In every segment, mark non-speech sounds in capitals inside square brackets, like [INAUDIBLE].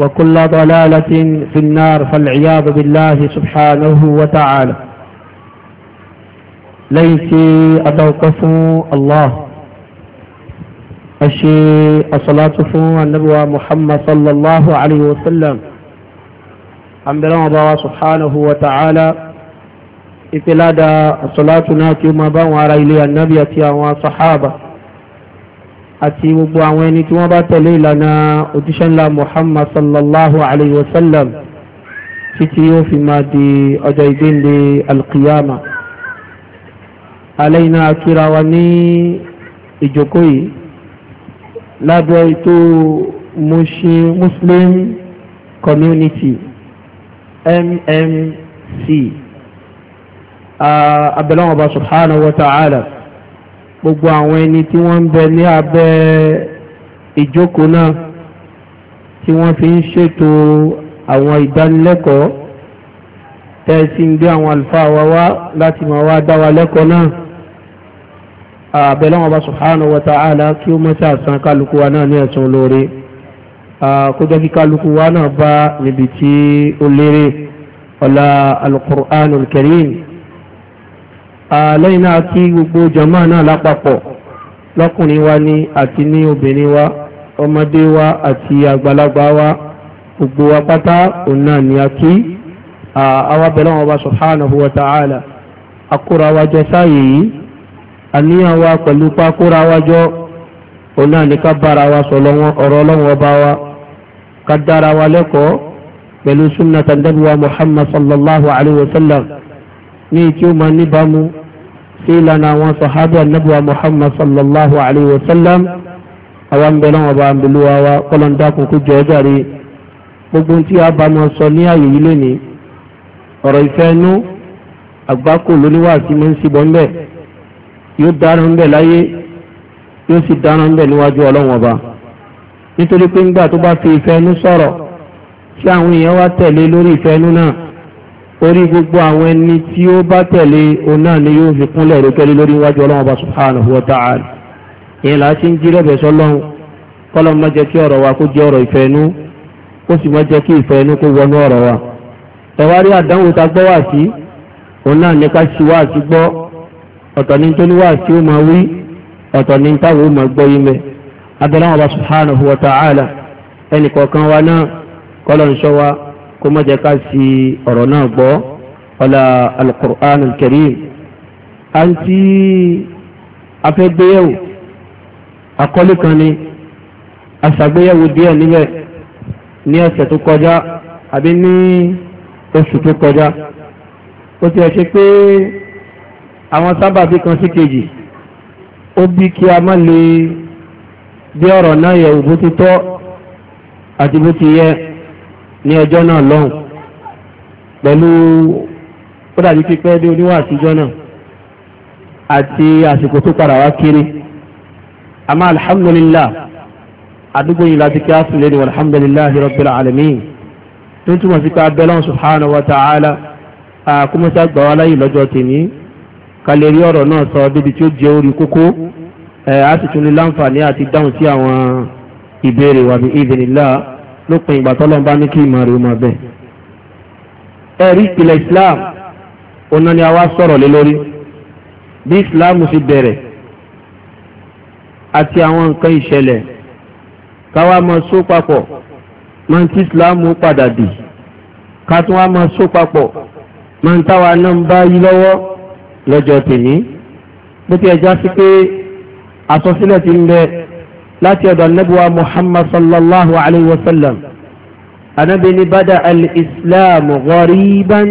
وكل ضلالة في النار فالعياذ بالله سبحانه وتعالى ليس أتوقف الله أشي الصلاة فو النبوة محمد صلى الله عليه وسلم عم بلان سبحانه وتعالى إتلاد الصلاة ناتي مبان بان وعلى النبي أتيا وصحابه àti gbogbo àwọn ẹni tí wọ́n bá tẹ̀lé ìlànà òjíṣẹ́ ńlá Muhammad sallallahu alayhi wa sallam títí yóò fi máa di ọjọ́ ìgbéǹde alqiyama alẹ́yìnà akíra wa ní ìjókòó yìí lábẹ́ ètò Muslim Community MMC abẹ́lẹ́wọ̀n wa ta'ala gbogbo àwọn ẹni tí wọ́n ń bẹ ní abẹ́ ìjókòó náà tí wọ́n fi ń ṣètò àwọn ìdánilẹ́kọ̀ọ́ tẹ́ẹ̀sí ń gbé àwọn àlùfáà wa wá láti máa wá dá wa lẹ́kọ̀ọ́ náà àbẹ̀lọ́wọ̀n bá subhanahu wa ta'ala kí ó mọ́sí àsán kálukú wa náà ní ẹ̀sùn olóore kó jẹ́ kí kálukú wa náà bá níbi tí ó lérè ọ̀la al-Qur'anul lẹ́yìn náà kí gbogbo jàmá náà lápapọ̀ lọ́kùnrin wa ni àti ní obìnrin wa ọmọdé wa àti àgbàlagbà wa gbogbo wa pátá òun náà ni a kí àwa bẹ̀rẹ̀ wọn bá subhanahu wa ta'ala akóra wa sáàyè yìí àníyàn wa pẹ̀lú pákóra òun náà ni ká bára wa sọ̀rọ̀ ọ̀rọ̀ ọlọ́wọ́n ọba wa ká dára wa lẹ́kọ̀ọ́ pẹ̀lú sunnata nabi muhammad sallallahu alayhi wa sallam ní tí ó máa níbàámu sí ìlànà àwọn sàhábà nàbùwà muhammad sallallahu alayhi wa sallam àwa ń bẹ lọ́wọ́ bá ń bẹ̀lú wa kọ́lọ́ńdà kò kó jọ ọ́ jàre gbogbo tí a bá máa sọ ní àyè yìí lónìí ọ̀rọ̀ ìfẹ́ inú àgbákò lóníwàásí máa ń síbọ̀ ńbẹ̀ yóò dára ńbẹ̀ láyé yóò sì dára ńbẹ̀ níwájú ọlọ́run ọba nítorí pé ńgbà tó bá fi ìfẹ́ inú sọ̀rọ̀ tí àwọn èèyàn wá tẹ̀lé lórí ìfẹ́ inú náà orí gbogbo àwọn ẹni tí ó bá tẹ̀lé òun náà ni yóò fi kúnlẹ̀ rókẹ́lé lórí iwájú ọlọ́run ọba subhanahu wa ta'ala ìyẹn là á ti ń jí lẹ́bẹ̀ẹ́ sọ́lọ́run kọ́lọ́n má jẹ́ kí ọ̀rọ̀ wa kó jẹ́ ọ̀rọ̀ ìfẹ́ inú kó sì má jẹ́ kí ìfẹ́ inú kó wọnú ọ̀rọ̀ wa. ẹ̀wá rí àdánwò ta gbọ́ wá sí òun náà sí wá sí gbọ́ ọ̀tọ̀ ní tó ní wá sí ó máa wí ọ̀tọ̀ ní táwọn ó máa kó má jẹ́ ká sí ọ̀rọ̀ náà gbọ́ ọlá alukur'an alkarim àti afẹ́gbéyẹ̀wò akọ́lé kan ni aṣàgbéyẹ̀wò díẹ̀ níbẹ̀ ní ọ̀sẹ̀ tó kọjá àbí ní oṣù tó kọjá ó ti ẹ̀ ṣe pé àwọn sábàbí kan sí kejì ó bí kí a má lè bí ọ̀rọ̀ náà yẹ̀ wò àti bó ti yẹ ní ọjọ́ náà lọ́hùn pẹ̀lú ó dàbí pípẹ́ dé oníwà àtijọ́ náà àti àsìkò tó padà wá kiri àmọ́ alhamdulillah àdúgbò yìí láti kí á sùn lé ní alhamdulillah rabbil alamin tó ń túmọ̀ sí pé abẹ́lọ́n subhanahu wa ta'ala àkúmọ́sá gbà wá láyé lọ́jọ́ tèmi ká ọ̀rọ̀ náà sọ débi tí ó jẹ́ orí kókó a sì tún ní láǹfààní àti dáhùn sí àwọn ìbéèrè wa bi lópin ìgbà tọ́lọ́ bá ní kí ìmọ̀ rẹ̀ mọ̀ bẹ́ẹ̀. ẹ̀rí ìpìlẹ̀ Islam ọ̀nà ni a wá sọ̀rọ̀ lé lórí bí Islam fi bẹ̀rẹ̀ àti àwọn nǹkan ìṣẹ̀lẹ̀ káwá máa só papọ̀ máa ń tí Islam padà dì ká tún wá máa só papọ̀ máa ń táwa náà ń bá yí lọ́wọ́ lọ́jọ́ tèmi bó ti ẹ̀ já sí pé àsọsílẹ̀ ti ń bẹ́ẹ̀ láti ọ̀dọ̀ anábíwá muhammad sallallahu alayhi wa sallam anábí ni bada al-islam ghariban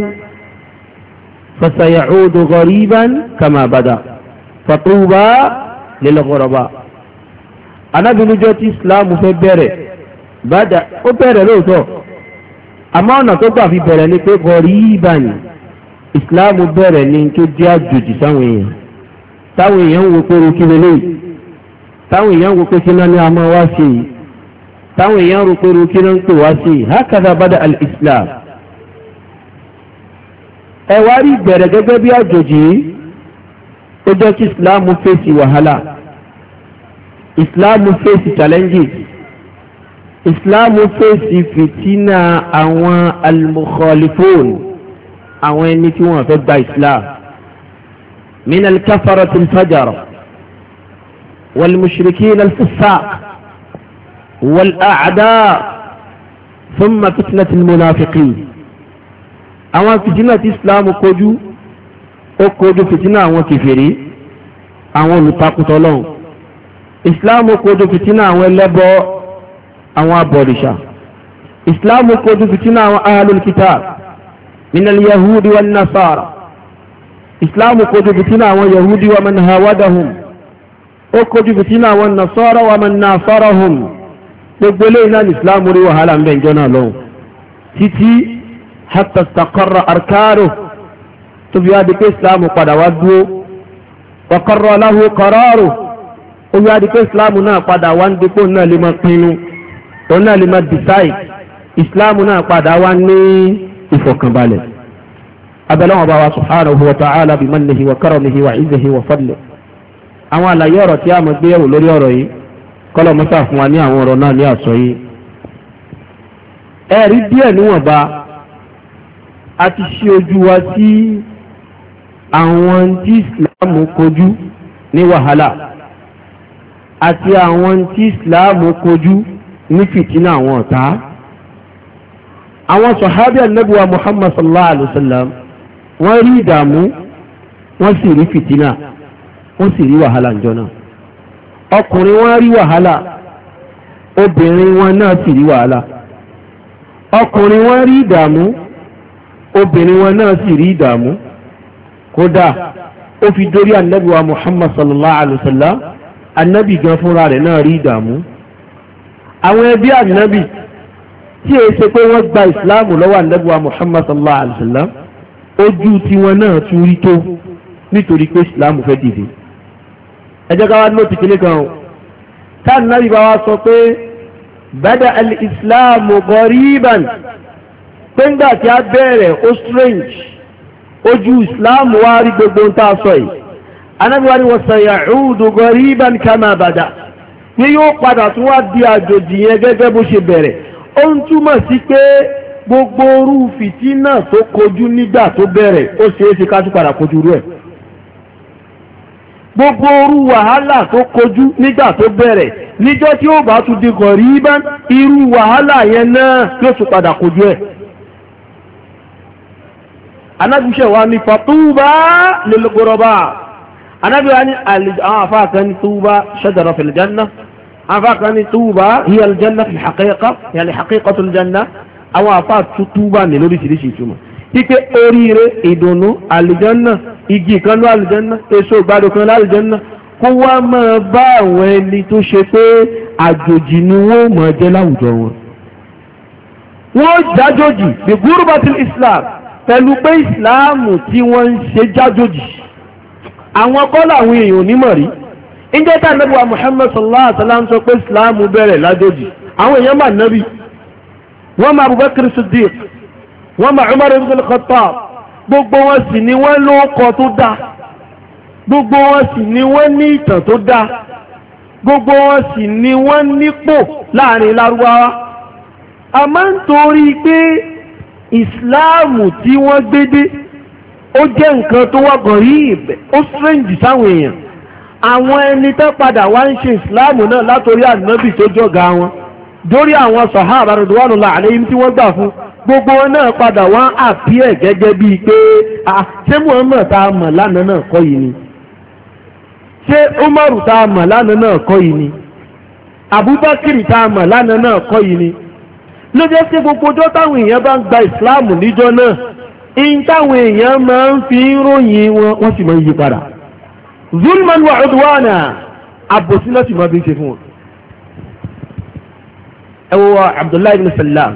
fasayacudu ghariban kama bada fatuba lil ghuraba anábí níjọ́ tí islam fẹ́ bẹ̀rẹ̀ bada ó bẹ̀rẹ̀ lóòótọ́ àmọ́ ọ̀nà tó gbà fi bẹ̀rẹ̀ ni pé ghariban islam bẹ̀rẹ̀ ni tó jẹ́ àjòjì sáwọn èèyàn táwọn èèyàn ń wo pé o táwọn èèyàn wo pé kíná ní a máa wá sí i táwọn èèyàn rò pé kíná ń pè wá sí i hákàdá bada al-islam ẹ wá rí ìbẹ̀rẹ̀ gẹ́gẹ́ bí àjòjì ó jẹ́ kí islam fèsì wàhálà islam fèsì challenges islam fèsì fìtínà àwọn al-mukhalifun àwọn ẹni tí wọ́n fẹ́ gba islam min al-kafarati al-fajara. والمشركين الفساق والأعداء ثم فتنة المنافقين àwọn fìtínà tí islam kojú ó kojú fìtínà àwọn kìfìrí àwọn olùtakùtọ̀ lọ́hùn islam kojú fìtínà àwọn ẹlẹ́bọ àwọn abọ̀rìṣà islam kojú fìtínà àwọn ahlul kitab minal yahudi wan nasara islam kojú fìtínà àwọn yahudi wa man hawadahum ó kojú fìtínà àwọn nasara wa man nasarahum gbogbo eléyìí náà ní islam rí wàhálà ń bẹ̀ ń jọ́nà lọ́hùn títí hatta istaqarra arkanu tó fi wá di pé islam padà wá dúró wa qarra lahu qararu ó fi wá di pé islam náà padà wá ń dipò náà lè máa pinnu òun náà lè máa decide islam náà padà wá ní ìfọ̀kànbalẹ̀ abẹ́lẹ́wọ̀n bá wa subhanahu wa ta'ala bi mannihi wa karamihi wa izzihi wa fadlihi àwọn àlàyé ọ̀rọ̀ tí a mọ̀ gbé yẹ̀wò lórí ọ̀rọ̀ yìí kọ́lọ̀ mọ́sà fún wa ní àwọn ọ̀rọ̀ náà ní àsọ yìí. ẹ̀rí díẹ̀ níwọ̀nba a ti ṣe ojú wa sí àwọn tí Islam kojú ní wàhálà àti àwọn tí Islam kojú ní fìtínà àwọn ọ̀tá àwọn sọ̀hábí ànábìwá Muhammad sallallahu alayhi wa sallam wọ́n rí ìdààmú wọ́n sì rí fìtínà wọ́n sì rí wàhálà ńjọ náà ọkùnrin wọn rí wàhálà obìnrin wọn náà sì rí wàhálà ọkùnrin wọn rí ìdààmú obìnrin wọn náà sì rí ìdààmú kódà ó fi dórí ànábì wa Muhammad sallallahu alayhi wa sallam ànábì gan fúnra rẹ̀ náà rí ìdààmú àwọn ẹbí ànábì tí èyí ṣe pé wọ́n gba ìsìláàmù lọ́wọ́ ànábì wa Muhammad sallallahu alayhi wa sallam ojú tiwọn náà tún rí tó nítorí pé ìsìláàmù fẹ́ dìde ẹjọ́ ká wá ní òtì kìíní kan táwọn náà bá wá sọ pé bada al-islam goriban pé ńgbà tí a bẹ̀rẹ̀ ó strange ojú islam wá rí gbogbo ń tà sọ yìí anábíwá ni wọ́n sẹ̀yà ọ̀dọ̀ goriban kama bada ní yóò padà tún wá di àjòjì yẹn gẹ́gẹ́ bó ṣe bẹ̀rẹ̀ ó ń túmọ̀ sí pé gbogbo orú fìtínà tó kojú nígbà tó bẹ̀rẹ̀ ó ṣeé ká tún padà kojú rú ẹ̀ gbogbo orú wàhálà tó kojú nígbà tó bẹ̀rẹ̀ níjọ́ tí ó bá tún di gọ̀ríbá irú wàhálà yẹn náà yóò tún padà kojú ẹ̀ anábíṣẹ́ wa ní fàtúbà lẹ́lẹ́gbọ́rọ̀bà anábíwá ní àwọn afáàkan ní túbà ṣẹ́dọ̀rọ̀ fìlìjánná afáàkan ní túbà hiyaljanna fi hàkẹ́kọ̀ọ́ yàlẹ̀ hàkẹ́kọ̀ọ́ tó lìjánná àwọn ìtumọ̀ pípé oríire ìdùnnú àlìjánná igi kan ló àlìjánná èso ìgbádùn kan lálìjánná kó wá máa bá àwọn ẹni tó ṣe pé àjòjì ni wọ́n máa jẹ́ láwùjọ wọn. wọ́n jájòjì bí gúrúbàtìl islam pẹ̀lú pé ìsìláàmù tí wọ́n ń ṣe jájòjì àwọn kọ́ làwọn èèyàn onímọ̀ rí ìjẹ́ tá nẹ́bùwà Muhammad sallallahu alaihi wasallam sọ pé ìsìláàmù bẹ̀rẹ̀ lájòjì àwọn èèyàn mà nẹ́bì wọ́n máa Abubakar Siddiq wọ́n máa Umar ibn al-Khattab gbogbo wọn sì ni wọ́n lóókọ tó dáa gbogbo wọn sì ni wọ́n ní ìtàn tó dáa gbogbo wọn sì ni wọ́n nípò láàrin lárúbáwá àmọ́ nítorí pé ìsìláàmù tí wọ́n gbé dé ó jẹ́ nǹkan tó wà gan yìí ìbẹ̀ ó sírẹ́ǹjì sáwọn èèyàn àwọn ẹni tó padà wá ń ṣe ìsìláàmù náà látòrí ànábì tó jọ̀gá wọn dórí àwọn sàhábà radwanullahi alayhim tí wọ́n gbà fún un gbogbo wọn náà padà wá àpíẹ̀ gẹ́gẹ́ bíi pé ṣé Muhammad tá a mọ̀ lánàá náà kọ́ yìí ni ṣé Umaru tá a mọ̀ lánàá náà kọ́ yìí ni Abubakar tá a mọ̀ lánàá náà kọ́ yìí ni ló jẹ́ sí gbogbo ọjọ́ táwọn èèyàn bá ń gba ìsìláàmù níjọ́ náà in táwọn èèyàn máa ń fi ròyìn wọn wọ́n sì máa ń yí padà zulman wa udwana àbòsí náà sì máa bí ń ṣe fún wọn. ẹ wo Abdullahi ibn Salam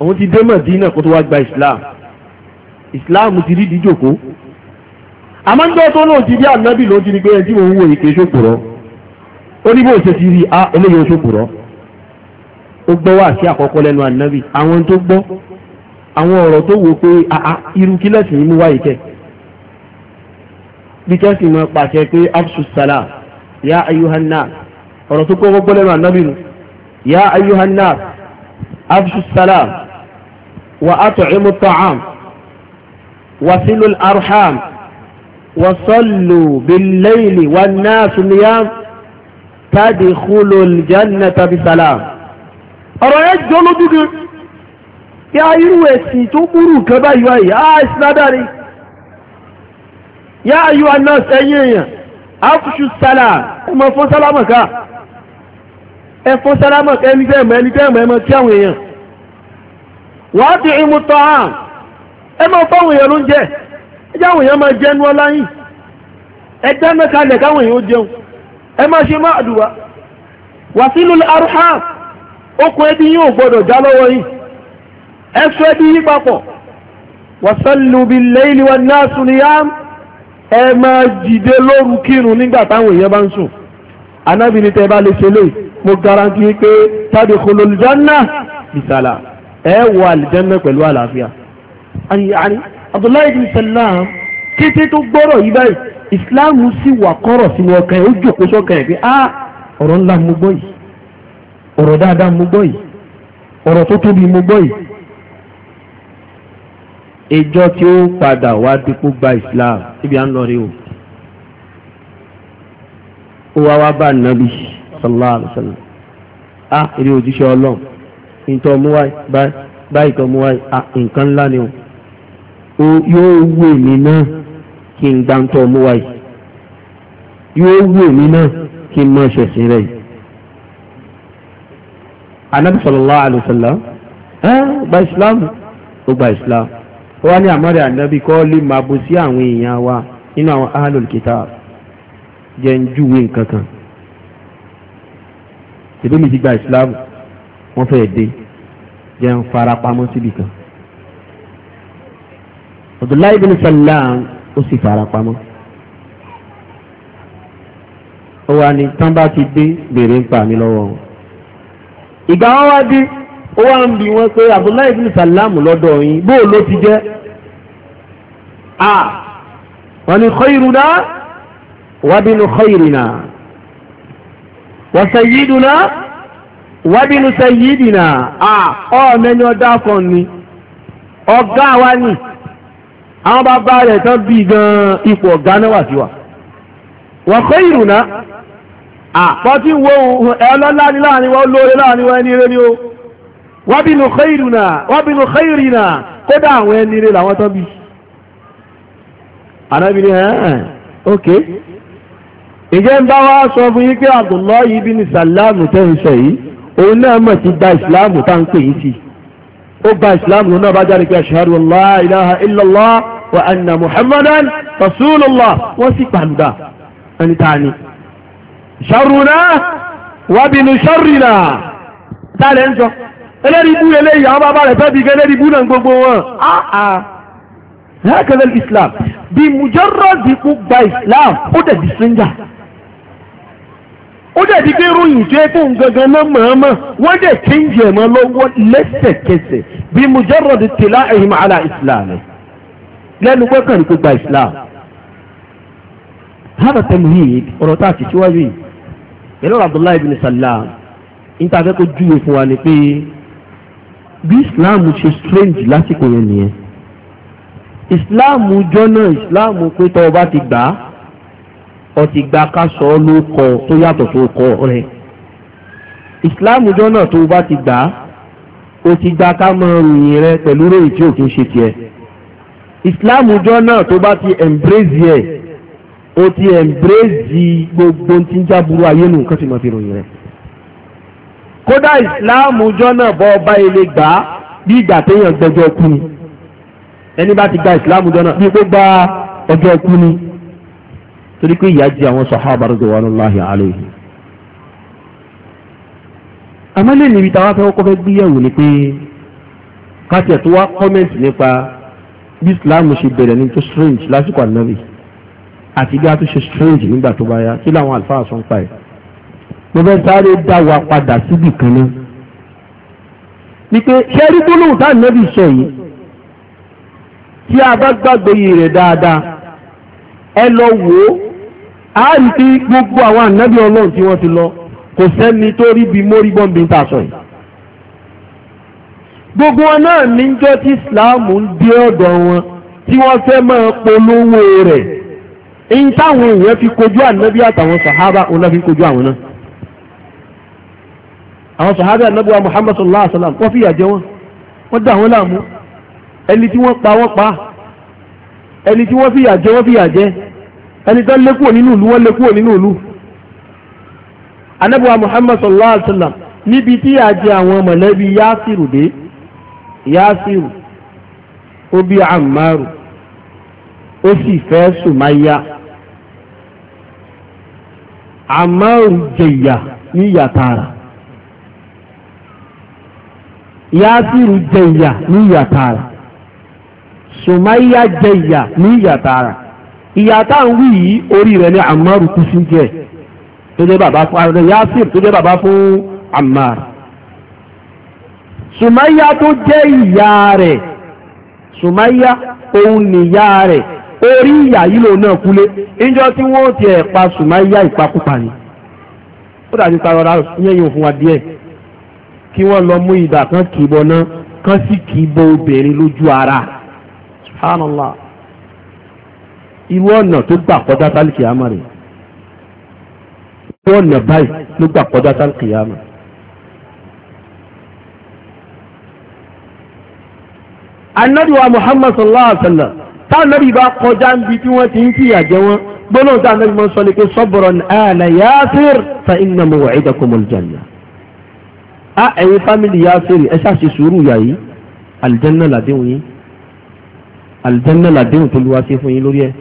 òun ti dé mọ̀dínà kó tó wá gba islam islam ti rí díjòkó àmọ́ ń jọ́ tó lóun ti rí ànábì ló ti ní pé ẹni tí òun wò yìí kìí ṣòpòrọ́ ó ní bó ṣe ti rí a ah, eléyìí ó ṣòpòrọ́ ó gbọ́ wá sí àkọ́kọ́ lẹ́nu ànábì àwọn tó gbọ́ àwọn ọ̀rọ̀ tó wò pé ah, ah, irú kí yìí mú wáyé kẹ́ bí kẹ́sì pàṣẹ pé afṣu sala ya ayuhanna ọ̀rọ̀ tó kọ́kọ́ gbọ́ lẹ́nu ànábì nu ya ayuhanna afṣu sala وأطعموا الطعام وصلوا الأرحام وصلوا بالليل والناس نيام تدخلوا الجنة بسلام ọ̀rọ̀ yẹn jọ lójú gan kí a irú ẹ̀sìn tó burú kan báyìí wáyé á ìsìnádàrí yá ayú anáà sẹ́yìn èèyàn áfùsù sálà ẹmọ fún sálámà ká ẹ fún sálámà ká ẹni tẹ́ ẹ̀mọ́ ẹni tẹ́ ẹ̀mọ́ ẹmọ tí àwọn èèyàn wàá ti ìmú tọ́ à ẹ máa fáwọn èèyàn ló ń jẹ ẹ jẹ́ àwọn èèyàn máa jẹ ẹnu ọlá yìí ẹ dáná kalẹ̀ káwọn èèyàn ó jẹun ẹ máa ṣe má àdùwà wàsílù arham okùn ẹbí yín ò gbọdọ̀ já lọ́wọ́ yìí ẹ sọ ẹbí yín papọ̀ wàsálù bil ẹ máa dìde lóru garanti pé tàbí ẹ wọ àlìjẹ́mẹ́ pẹ̀lú àlàáfíà àyàrí Abdullahi bin Salam kété tó gbọ́rọ̀ yìí báyìí Islam sì wà kọ́rọ̀ sínú ọkàn ẹ̀ ó jòkó sọ́kàn ẹ̀ pé a ọ̀rọ̀ ńlá mo gbọ́ yìí ọ̀rọ̀ dáadáa mo gbọ́ yìí ọ̀rọ̀ tó tóbi mo gbọ́ yìí ìjọ tí ó padà wá dípò gba Islam ibi à ń lọ rí o ó wá wá bá nàbí sallallahu alaihi wasallam a òjíṣẹ́ Ọlọ́run ìtọ̀ mú wáyé báyìí tọ̀ mú wáyé nǹkan ńlá ni o yóò wù mí náà kí n gbá tọ̀ mú wáyé yóò wù mí náà kí n ṣẹ̀sìn rẹ̀ anabi sallallahu alaihi wasallam ẹ islam ó islam ó wá ní Anabi kọ́ lè máa sí àwọn èèyàn wa nínú àwọn ahlul kitab jẹ́ ń júwe nǹkan kan mi ti gba islam. wọ́n fẹ́ dé jẹ́ ń fara pamọ́ síbi kan Abdullahi bin Salam ó sì fara pamọ́ ó wà ní tán bá ti dé béèrè ń pa mí lọ́wọ́ wọn ìgbà wọn wá dé ó wá ń bi wọn pé Abdullahi bin Salam lọ́dọ̀ yín bóò ló ti jẹ́ a wọn ni khairuna wa binu khairina wa sayyiduna. wábínú sẹ yìí dìnnà à ọ̀ọ́mẹ́ni ọ̀dà kan ni ọ̀gá wa ni àwọn bàbá rẹ̀ tán bí gan ipò ọ̀gá náà wà sí wa wọ́n fẹ́ ìrùnà àpọ́tí wo ẹlọ́lá ní láàrin wọ́n lóore láàrin wọ́n ẹni rẹ̀ ni ó wábínú khairuna wábínú khairina kódà àwọn ẹni rẹ̀ làwọn tán bí anábì ni ok ìjẹ́ ń bá wá sọ fún yí pé Abdullahi bin Salam tẹ́ ń sọ yìí òun náà mọ̀ sí gba ìsìláàmù tá ń pè yí sí ó gba ìsìláàmù náà bá jáde pé ashhadu an la ilaha illallah wa anna muhammadan rasulullah wọ́n sì pàǹdà ẹni tá ni. sharruna wa binu sharrina táàlẹ̀ ń sọ ẹlẹ́rìí bú eléyìí àwọn bàbá rẹ̀ fẹ́ bí ẹlẹ́rìí bú náà gbogbo wọn. hakadha al-islam bí mujarrad kú gba ìsìláàmù ó dẹ̀ di stranger ó dàbí pé ròyìn tó yẹ kó ń gangan náà mọ̀ọ́mọ̀ wọ́n dẹ̀ kéńjì ẹ̀mọ́ lọ́wọ́ lẹ́sẹ̀kẹsẹ̀ bí mujarrad tila'ihim ala islam lẹ́nu gbọ́kàn ní gbogbo islam. hada tamhid ọ̀rọ̀ tá a ti síwájú yìí pẹ̀lú abdullahi bin salam níta fẹ́ kó júwe fún wa ni pé bí islam ṣe strange lásìkò yẹn nìyẹn islam jọ náà islam pé tọ́ ọ bá ti gbà á ọtí gba kásọ ló kọ tó yàtọ̀ tó kọ rẹ̀ ìsìláàmù jọ́nà tó bá ti gbà á o ti gba ká mọ ròyìn rẹ pẹ̀lú ròyìn tí ò kí ń ṣe tiẹ̀ ìsìláàmù jọ́nà tó bá ti embrace ẹ̀ o ti embrace gbogbo tí ń jábúrú ayé nù nǹkan tí mo fi ròyìn rẹ kódà ìsìláàmù jọ́nà bọ́ ọba ilé gbà á bí ìgbà téèyàn gbẹjọ́ kú ni ẹni bá ti gba ìsìláàmù jọ́nà bí gbogbo ọjọ́ kú ni torí pé ìyà jẹ àwọn sàhábà radiyallahu alayhi. àmọ́ lè níbi táwa fẹ́ kọ́kọ́ fẹ́ gbéyàwó ni pé káṣẹ̀ tó wá kọ́mẹ̀ntì nípa bí islam ṣe bẹ̀rẹ̀ ní tó strange lásìkò ànábì àti bí a tún ṣe strange nígbà tó bá yá kí làwọn àlùfáà sọ ń pa ẹ̀. mo fẹ́ sáré dá wa padà síbì kan náà. ni pé ṣẹ́rí gbólóhùn táà nábì sọ yìí tí a bá gbàgbé yìí rẹ̀ dáadáa ẹ lọ wò ó a rí gbogbo àwọn ànábì ọlọ́run tí wọ́n ti lọ kò sẹ́ni tó rí bí mórí bọ́m̀bì gbogbo wọn náà níjọ́ tí ìsìláàmù ń dé ọ̀dọ̀ wọn tí wọ́n fẹ́ máa polówó rẹ̀ ń táwọn èèyàn fi kojú ànábì àtàwọn sàhábà òun náà fi kojú àwọn náà àwọn sàhábà wọ́n wọn. wọ́n dà wọn láàmú ẹni tí wọ́n pa wọ́n pa ẹni tí wọ́n wọ́n ẹni tán lé kúrò nínú ìlú wọ́n lé kúrò nínú ìlú anábùwà muhammad sallallahu alaihi wa sallam níbi tí a jẹ àwọn mọ̀lẹ́bí yásìrù dé yásìrù ó bí àmàrù ó sì fẹ́ sùmáyà àmàrù jẹ̀yà ní yàtàrà yásìrù jẹ̀yà ní yàtàrà sùmáyà jẹ̀yà ní yàtàrà. ìyá tá ń wí yìí orí rẹ̀ ní Ammar kú sí tó jẹ́ bàbá fún Yasir tó jẹ́ bàbá fún Ammar Sùmáyà tó jẹ́ ìyá rẹ̀ òun nìyá rẹ̀ orí ìyá yìí náà kúlé níjọ́ tí wọ́n ti ẹ̀ pa Sùmáyà ìpakúpa ni ó dàbí parọ́ra yẹ́yìn fún wa díẹ̀ kí wọ́n lọ mú ìdà kan náà sì ara irú ọ̀nà tó gbà kọjá sálìkì àmà rẹ̀ irú ọ̀nà báyìí ló gbà kọjá sálìkì àmà. anabiwa muhammad sallallahu alaihi wa sallam tá anabi bá kọjá níbi tí wọ́n ti ń fìyà jẹ wọ́n gbọ́dọ̀ tá anabi máa ń sọ ni pé sọ́bọ̀rọ̀ ní àlà yáásìr fa inna maw'idakumul janna. a ẹ̀yin fámìlì yáásìr ẹ ṣáà ṣe sùúrù yàyí aljanna làdéhùn yín aljanna làdéhùn tó lu wá sí fún yín lórí ẹ̀.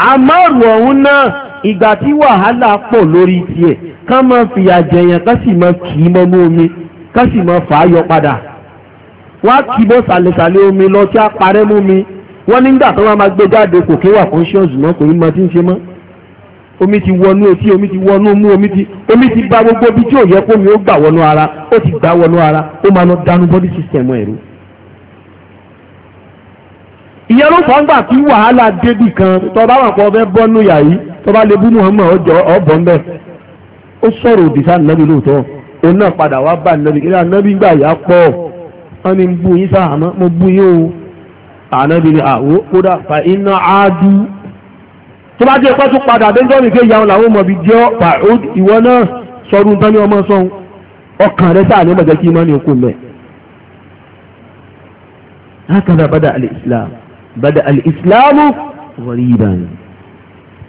a àmọ́rù ọ̀hún náà ìgbà tí wàhálà pọ̀ lórí tiẹ̀ ká máa fìyà jẹyàn ká sì máa kì í mọ́nú omi ká sì máa fà á yọ padà wá kì í bọ́ sàlẹ̀sàlẹ̀ omi lọ tí a parẹ́ mú mi wọ́n nígbà tó wá máa gbé jáde kò kéwà conscious mọ́ kò ní mọ tí ń ṣe mọ́ omi ti wọnú etí omi ti wọnú mú omi ti omi ti bà gbogbo ibi tí ò yẹ kó mi ó gbà wọnú ara ó ti gbà wọnú ara ó máa lọ dànù body system ẹ̀rú. ìyẹn ló fọ́n gbà tí wàhálà débì kan tó bá wọn kọ́ fẹ́ bọ́nú yà yìí tó bá lè bú Muhammad ọjọ́ ọ̀bọ̀ ń bẹ̀ ó sọ̀rọ̀ òdì sáà nàbí lóòótọ́ òun náà padà wá bá nàbí kíláà nàbí gbà yà pọ̀ wọ́n ní bú yín sáà àmọ́ mo bú yín o ànábì ni àwọ̀ kódà fa iná áádú tó bá jẹ́ pẹ́ tó padà déjọ́ nìké ìyàwó làwọn ọmọ bíi jẹ́ ọ̀pá ìwọ náà sọdún tán ní ọmọ sọ́hun ọkàn rẹ sáà ní ọmọ jẹ́ kí iná ní okùn mẹ́. هكذا بدأ الإسلام bada al-islamu ghariban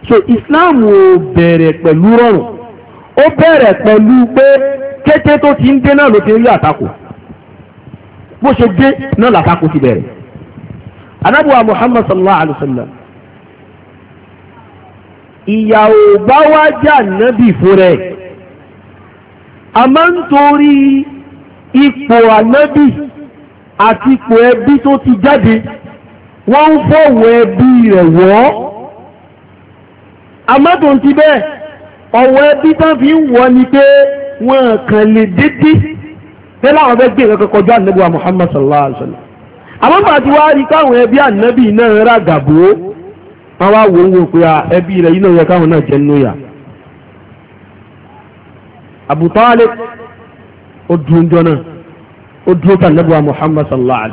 so islam ò bẹ̀rẹ̀ pẹ̀lú rọrùn ó bẹ̀rẹ̀ pẹ̀lú pé kété tó ti ń dé náà ló ti rí àtakò bó ṣe dé náà làtakò ti bẹ̀rẹ̀ anábùwà muhammad sallallahu alayhi wa sallam ìyàwó bá wá jà nábì fúnra a máa ń torí ipò ànábì àti ipò ẹbí tó ti jáde wọ́n ń fọ̀wọ́ ẹbí rẹ̀ wọ́ amádùn ti bẹ́ẹ̀ ọ̀wọ́ ẹbí tán fi ń wọ́ ni pé wọ́n kàn lè dédé pé láwọn fẹ́ gbé nǹkan kọjá ànábì Muhammad sallallahu alaihi ti wá rí káwọn ẹbí ànábì náà rà gàbó wọ́n wá pé ẹbí rẹ̀ yìí náà yẹ káwọn náà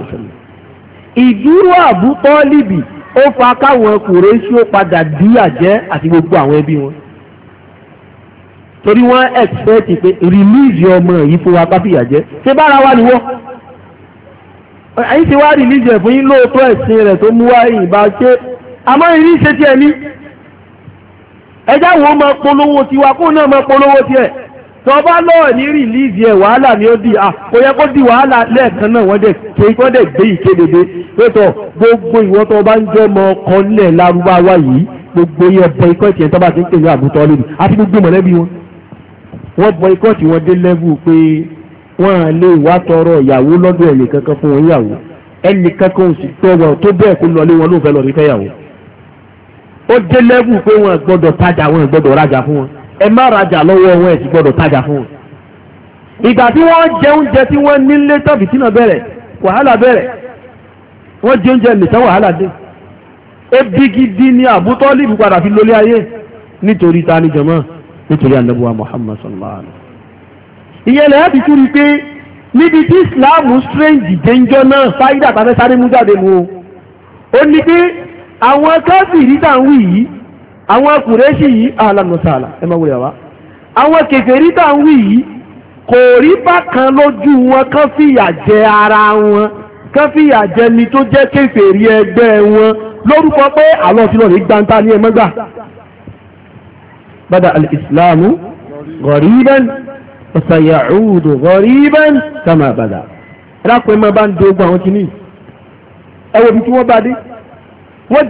jẹ́ ìdúró àbú tọ́lìbì ó fa káwọn kùrẹ́ṣí ó padà dí àjẹ́ àti gbogbo àwọn ẹbí wọn torí wọ́n ẹ̀sìpẹ́ẹ̀tì pé rìlíìsì ọmọ yìí fún wa káfíà jẹ́ ṣé bára wa nìwọ́ ẹ̀yìn ti wá rìlíìsì ẹ̀ fún yín lóòótọ́ ẹ̀sìn rẹ̀ tó mú wá ìbá ṣe àmọ́ ìrìn ṣe tiẹ̀ ní ẹjá wo máa polówó tiwa kóun náà máa polówó tiẹ̀ tọba lọ́ọ̀ ní rìlíìsì ẹ̀ wàhálà ni ó di à ah, kò yẹ kó di wàhálà lẹ́ẹ̀kan náà wọ́n dẹ̀ ké wọ́n dẹ̀ gbé ìkédede pẹ̀tọ̀ gbogbo ìwọ́n tó bá ń jẹ́ ọmọ ọkọ nílẹ̀ lárúbáwá yìí gbogbo yẹn bọ ikọ́ ìtìyẹn tó bá ti ń pè ní àbútọ́ lónìí àti gbogbo mọ̀lẹ́bí wọn. wọ́n bọ ikọ́ tí wọ́n dé lẹ́bù pé wọ́n á lè wá tọrọ ìyàwó lọ́dọ̀ ẹnì ẹ má rajà lọ́wọ́ wọn ẹ̀ sì gbọ́dọ̀ tajà fún wọn. ìgbà tí wọ́n jẹ oúnjẹ tí wọ́n nílé tàbí tí náà bẹ̀rẹ̀ wàhálà bẹ̀rẹ̀ wọ́n jẹ oúnjẹ nìkan wàhálà dé. ebi gidi ni àbútọ́ líbi padà fi lólé ayé nítorí ta ni jọmọ́ nítorí anabuwa Muhammad sallallahu alayhi wa sallam. ìyẹn lẹ́yìn àti túrí pé níbi tí Islam strange dénjọ́ náà fáyidà tàbí sáré mú jáde mu ó ní pé àwọn kẹ́sì rí ń wí yìí àwọn kùrẹ́ṣì yìí alàmùsàlà ẹ máa wúlò yàrá àwọn kèfèrí tá à ń wí yìí kò rí bákan lójú wọn kán fìyà jẹ ara wọn kán fìyà jẹ ni tó jẹ kèfèrí ẹgbẹ́ wọn lórúkọ pé ní bada al bada máa bá ń àwọn kìíní ẹ wo ibi tí wọ́n bá dé wọ́n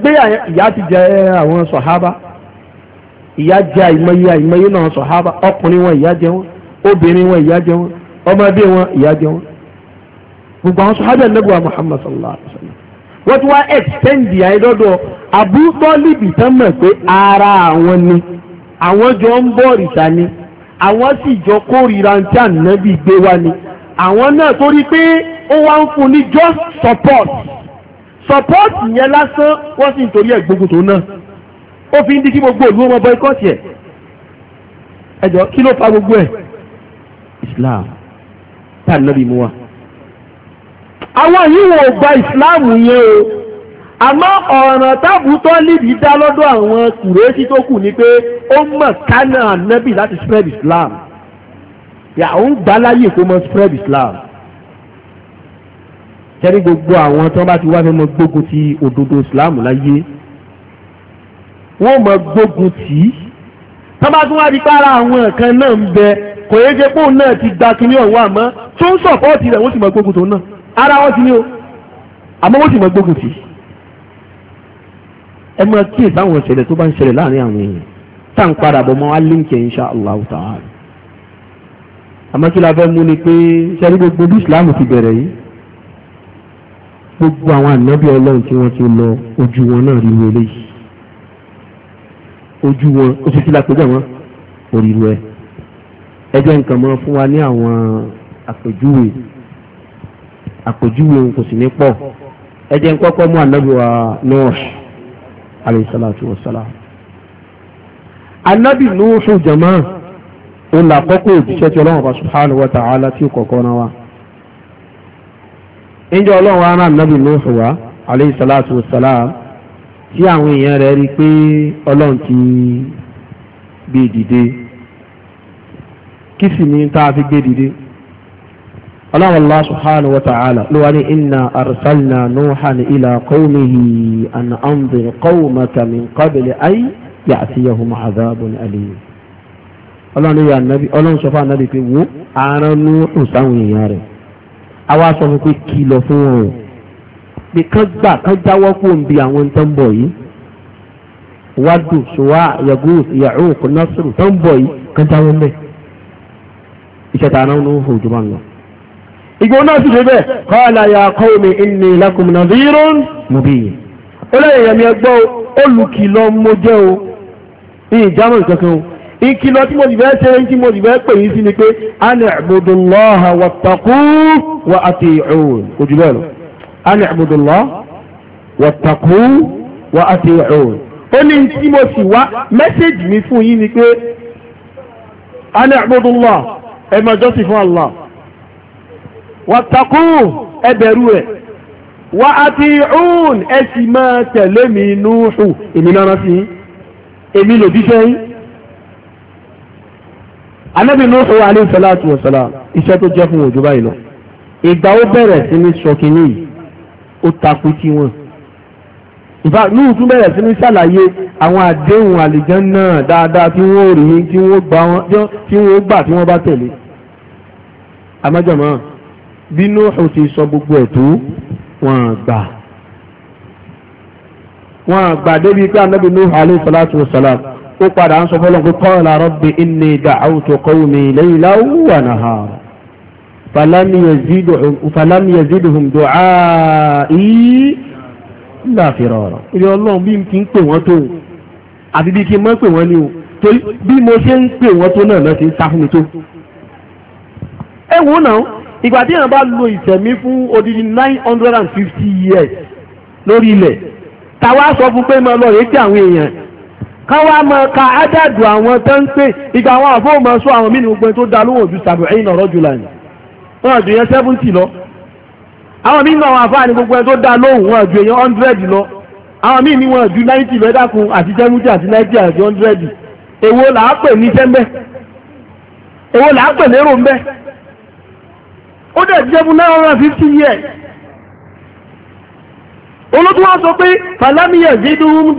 gbé ìyá jẹ àìmọye àìmọye náà sọ̀hábà ọkùnrin wọn ìyá jẹ wọn obìnrin wọn ìyá jẹ wọn ọmọdé wọn ìyá jẹ wọn gbogbo àwọn sọ̀hábà ẹ̀lẹ́gbọ̀n wa Muhammad sallallahu alayhi wa sallam wọ́n ti wá extend yàrá dọ́dọ̀ Abu Talib tán mọ̀ pé ara àwọn ni àwọn jọ ń bọ̀ rìsà ni àwọn sì jọ kórìíra tí ànábì gbé wá ni àwọn náà torí pé ó wá ń fún ní just support support yẹn lásán wọ́n sì ń torí ẹ̀ gbógun tó náà ó fi ń di kí gbogbo òlú ọmọ boycott yẹ ẹjọ kí ló fa gbogbo ẹ islam tá a lọ́bi mú wa. àwọn yìí wò gba islam yẹn o àmọ́ ọ̀ràn tábùtọ́ líbi dá lọ́dọ̀ àwọn kùrẹ́sì tó kù ni pé ó mọ̀ kánà ànábì láti spread islam yà ó ń gbá láyè kó mọ spread islam jẹ́rí gbogbo àwọn tó bá ti wá fẹ́ mọ gbógun ti òdodo islam láyé wọ́n mọ̀ gbógun tì í tọ́ba tún wá di para àwọn nǹkan náà ń bẹ kò yẹ jẹ́ pé náà ti gba kinní ọ̀hún àmọ́ tó ń sọ̀pọ́ọ̀tì rẹ̀ wọ́n sì mọ̀ gbógun tó náà ara wọn ti ní o àmọ́ wọ́n sì mọ̀ gbógun tì í ẹ máa kíyè sáwọn ìṣẹ̀lẹ̀ tó bá ń ṣẹlẹ̀ láàrin àwọn èèyàn tá à ń padà bọ̀ mọ́ alíǹkẹ́ insha Allah ta'ala àmọ́ kí la fẹ́ mú ni pé sẹ́rí gbogbo bí Islam ti bẹ̀rẹ̀ yìí gbogbo àwọn ànábì Ọlọ́run tí wọ́n ti lọ ojú wọn náà rí wọlé yìí ojú wọn oṣù tí la pè jẹ́ wọn òrìrù ẹ̀ ẹ jẹ́ nǹkan mọ́ fún wa ní àwọn àpèjúwe àpèjúwe kò sì ní pọ̀ ẹ jẹ́ nkọ́kọ́ mú ànábì wa Nuh alayhi salatu wa salam ànábì Nuhu jama ó là kọ́kọ́ òjíṣẹ́ tí ọlọ́run bá subhanahu wa ta'ala tí ó kọ̀kọ́ náà wa ìjọ ọlọ́run wa rán ànábì Nuhu wa alayhi salatu tí àwọn èèyàn rẹ̀ rí pé ọlọ́run ti gbé dìde kí sì ni tá a fi gbé dìde ọlọ́run allah subhanahu wa ta'ala ló wà ní inna arsalna nuhan ila qawmihi an anzir qawmaka min qabli ay ya'tiyahum adhabun alim ọlọ́run yóò ànábì ọlọ́run sọ fún ànábì pé wo àárán nú òsáwọn èèyàn rẹ̀ àwa sọ fún pé kìlọ̀ fún wọn o. pé kán gbà kán jáwọ́ fóun bí àwọn tó ń bọ̀ yìí wádùn yagus nasiru tó ń bọ̀ yìí kán jáwọ́ mẹ́ iṣẹ́ tààrà ń hù jùmọ̀ lọ. ìgbó náà sì ṣe bẹ́ẹ̀ ya qawmi inni lakum nadhirun mi ẹgbọ́ olùkìlọ̀ mo jẹ́ o ìjámọ̀ kankan o ìkìlọ̀ tí mo sì fẹ́ ṣe tí mo sì fẹ́ pè yín sí ni pé a wa an i'budu Allah wattaqu wa ati'un ó ní tí mo sì wá mẹ́sẹ̀jì mi fún yín ni pé an i'budu Allah ẹ máa jọ́sìn fún Allah wattaqu ẹ bẹ̀rù ẹ̀ wa ati'un ẹ sì máa tẹ̀lé mi núhù èmi náà sí èmi lòdìṣẹ́ yín anabi nuhu alayhi salatu wa salam iṣẹ́ tó jẹ́ fún òjò báyìí lọ ìgbà ó bẹ̀rẹ̀ sí ní sọ kìíní yìí ó takú tí wọn. ìfà Nuhu tún bẹ̀rẹ̀ sí ní ṣàlàyé àwọn àdéhùn àlìján náà dáadáa tí wọ́n rí tí wọ́n gbà tí wọ́n bá tẹ̀lé. àmọ́jọ̀mọ́ bí Nuhu ti sọ gbogbo ẹ̀ tó wọ́n gbà. wọ́n gbà débi pé anábì Nuhu alayhi salatu wa salam ó padà ń sọ fọlọ́n pé qala rabbi inni da'awtu qawmi laylan wa nahara falam yaziduhum du'ai illa firara ilé ọlọ́run bí kí n pè wọ́n tó àti bí kí n mọ́ pè wọ́n ní o torí bí mo ṣe ń pè wọ́n tó náà lọ́ọ́ ìgbà tí èèyàn bá lo ìṣẹ̀mí fún odidi nine hundred and fifty years lórí ilẹ̀ tàwa sọ fún pé máa lọ rèé tí àwọn èèyàn káwa máa ka ádàdù àwọn tó ń pè ìgbà àwọn àfọwọ́ máa sọ àwọn mí ni tó da lóhùn ju sàbẹ̀ ẹ̀yìn ọ̀rọ̀ jùlọ ni. wọn ju yẹn lọ àwọn míì náà afọ àfáà ní gbogbo ẹ tó dá lóhùn wọn yẹn lọ àwọn míì ní ọdụ ju lọ àti seventy àti ninety àti hundred èwo ní sẹ́ńbẹ́ èwo là pè lérò ó dẹ̀ jẹ́ fún years olótú sọ pé falamiya bírọ̀ wọ́n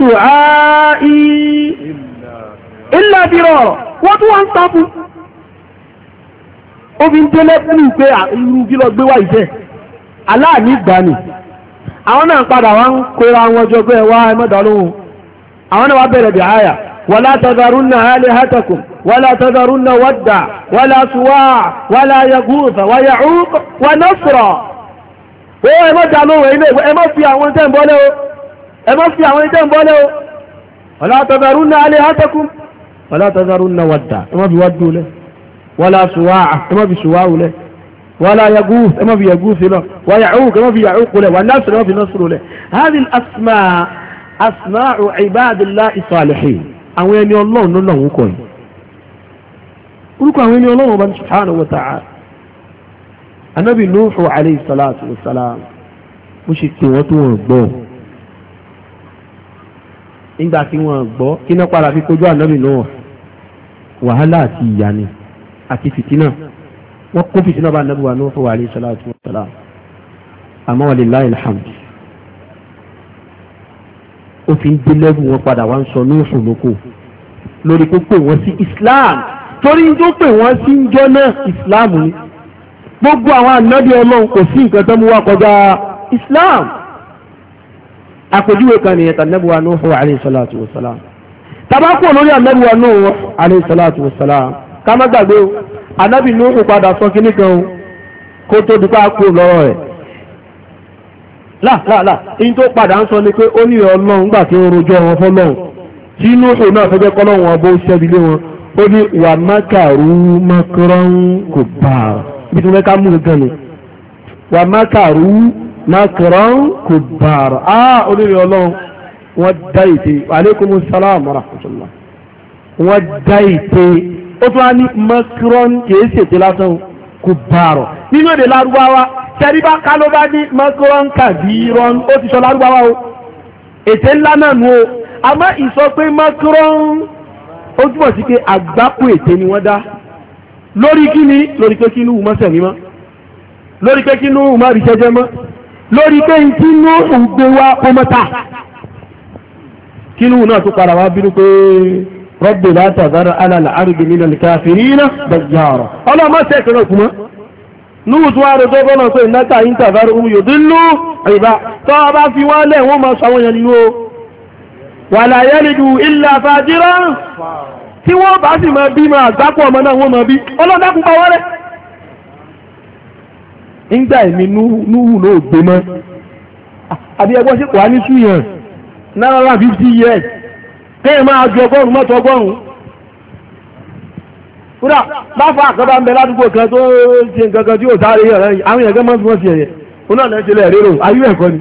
tún wá ń ó fi ń délé fún ìpé irú kí lọ gbé wá ìfẹ́ aláàní ìgbàanì àwọn náà padà wá ń kóra wọn jọ pé wá ẹmọ́dà lóhun àwọn náà wá bẹ̀rẹ̀ bí àyà ولا تذرن آلهتكم ولا تذرن ودع ولا سواع ولا يغوث ويعوق ونصرا ẹ má dá lóhùn ẹ̀yin náà ẹ má fi àwọn fi àwọn tẹ́ ولا تذرن آلهتكم ولا تذرن ودع ẹ má fi ولا سواعة كما في سواع له ولا يغوث كما في يغوث له ويعوق كما في يعوق له والنصر كما في نصر له هذه الأسماء أسماء عباد الله الصالحين wa anabi nuhu alayhi salatu wa salam ó ṣe pé wọ́n tó wọ́n gbọ́ nígbà tí wọ́n anabi àti fìtínà wọ́n kó fìtínà bá nàbí wa ní wọ́n alayhi salatu wa salam àmọ́ wa lillahi alhamd ó fi ń dé lẹ́bù wọn padà wá ń sọ ní oṣù lóko lórí kó pè wọ́n sí islam torí tó pè wọ́n sí ń jọ islam ni gbogbo àwọn ànábì ọlọ́run kò sí nǹkan tó mú wa kọjá islam àpèjúwe kan nìyẹn tàbí wa ní wọ́n alayhi salatu wa salam ànábì wa ní wọ́n alayhi salatu ká má o anabi ní òkú padà sọ kí nìkan o kó tó di kú lọ́rọ̀ rẹ̀ láàláà in tó padà ń sọ ni pé ó ní ọlọ́run gbà tí ó rojọ́ wọn fọlọ́run tí inú òkú náà fẹ́ jẹ́ kọ́lọ́run wọn bó ṣẹ́bi wọn ó ní wà mákàrú mákàrán kò bá a bí tí wọ́n ká mú nǹkan ni wà mákàrú mákàrán kò bá a ọlọ́run ó tún wá ní macron kìí ṣètè lásán kò bàrọ̀ nínú èdè lárúbáwá tẹríba ló bá ní macron kàbírọ́n ó ti sọ lárúbáwá o ètè ńlá náà nù o àmọ́ ìsọ pé macron ó túbọ̀ sí pé ètè ni wọ́n dá lórí kí ni lórí pé kí inú wù lórí pé kí inú wù mọ́ lórí pé ọmọ ta kí inú wù náà tó padà wá bínú pé. rọ́bì látàzára alàlàárìbì nínú kàfìrínà dàjàrọ̀ ọlọ́mọ sẹ́kẹ̀rẹ̀ kùmọ́ núùtú wá rẹ̀ tó bọ́nà pé náta yìí tàzára ohun yóò dínlú ìbá tó a bá fi wálẹ̀ wọ́n máa sọ àwọn èèyàn nínú wà láyé lìdú ilẹ̀ àfàjírá tí wọ́n bá sì máa bí máa gbápọ̀ ọmọ náà wọ́n máa bí ọlọ́dákùn pa wọ́rẹ́ ńgbà èmi núhù ló gbé mọ́ àbí ẹgbọ́n sí kò á ní 2 years 950 years kéèyàn máa ju ọgọ́rùn-ún mọ́tò ọgọ́rùn-ún kúrà báfà àkọ́bá ń bẹ ládùúgbò kan tó ṣe nǹkan kan tí ò sáré ọ̀rẹ́ yìí àwọn èèyàn kan máa ń fi wọ́n sí ẹ̀yẹ onáà lẹ́sẹ̀ lẹ̀ rérò ayé ẹ̀kọ́ ni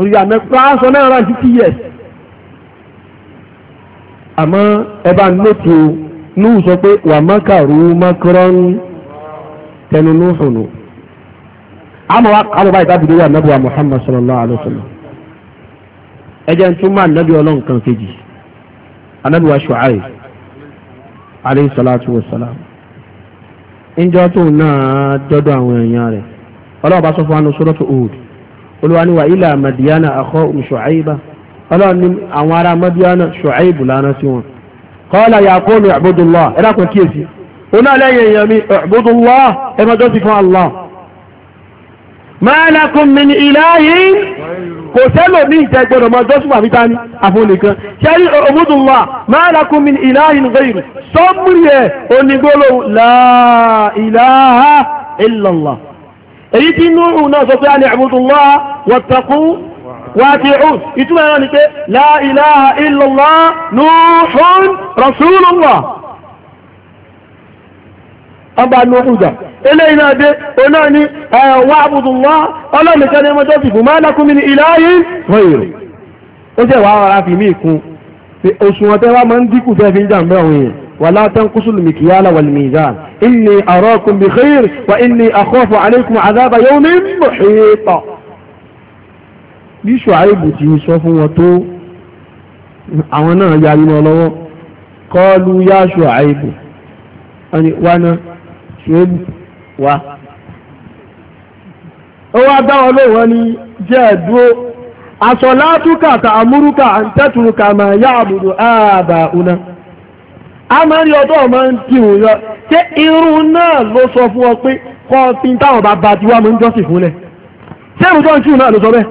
òyìnbó àmẹ́kọ́ aṣọ náà rà títí yẹ àmọ́ ẹ bá nóòtù núù sọ pé wà mákàrú mákàrán tẹnu núhùnù àmọ́ wa kàlọ́ báyìí dábìlì wà nábùwà Muhammad sallallahu alaihi wa sallam ẹjẹ́ ń túmọ̀ ànábì ọlọ́run kan kejì ànábì wa Ṣuaib alayhi salatu wa salam ìjọ tó náà dọ́dọ̀ àwọn èèyàn rẹ̀ ọlọ́run bá sọ fún anu suratu Hud olúwa ni wa ila Madiyana akhahum Shu'aiba ọlọ́run ní àwọn ará Madiyana Shu'aibu lánàá sí wọn qala ya qawmi i'budullah ẹ̀rọ kan kíyèsí oní àlẹ́yìn èèyàn mi i'budullah ẹ̀ máa jọ́sìn fún Allah ma lakum min ilahin kò sẹ́lò ní ìtẹ́ gbọ́dọ̀ mọ́ jọ́sùn àbí tání àfọlẹ̀kan ṣẹ́rí ọmọdúnwà máa lákún mi ìláhìn gbẹ̀rù sọ́mùrì ẹ̀ onígbóló la ilaha illallah èyí tí nùrù náà sọ pé a ní àbúdúnwà wọ̀tàkú wàtíhù ìtumọ̀ ẹ̀rọ ni pé la eléyìí náà dé òun náà ní ẹ̀wọ̀n àbùdùnmọ́ ọlọ́nìkan ní mọ́tò fìfún máa lákún mi ní ìlàyé rọ̀yìnrò ó jẹ́ wàá rárá fi mí kún òṣùwọ̀n tẹ́ máa ń dínkù tẹ́ fi ń jàǹbá òun yẹn ولا تنقصوا المكيال والميزان إني أراكم بخير وإني أخاف عليكم عذاب يوم محيط bí Ṣuaibu ti sọ fún wọn tó àwọn náà yarí wọn lọ́wọ́ قالوا يا شعيب wánà Ṣuaibu wá ó wá dá wọn lóhùn ní jẹ́ dúró àsọ̀látúkà tà àmúrúkà yá a máa ń rí ọdọ́ ọmọ ń dìrùn yọ ṣé irun náà ló sọ fún ọ pé kọ́ fi táwọn bàbá ti wá mọ́ ń jọ́sìn fúnlẹ̀ ṣé ìrùjọ́ ń náà ló sọ bẹ́ẹ̀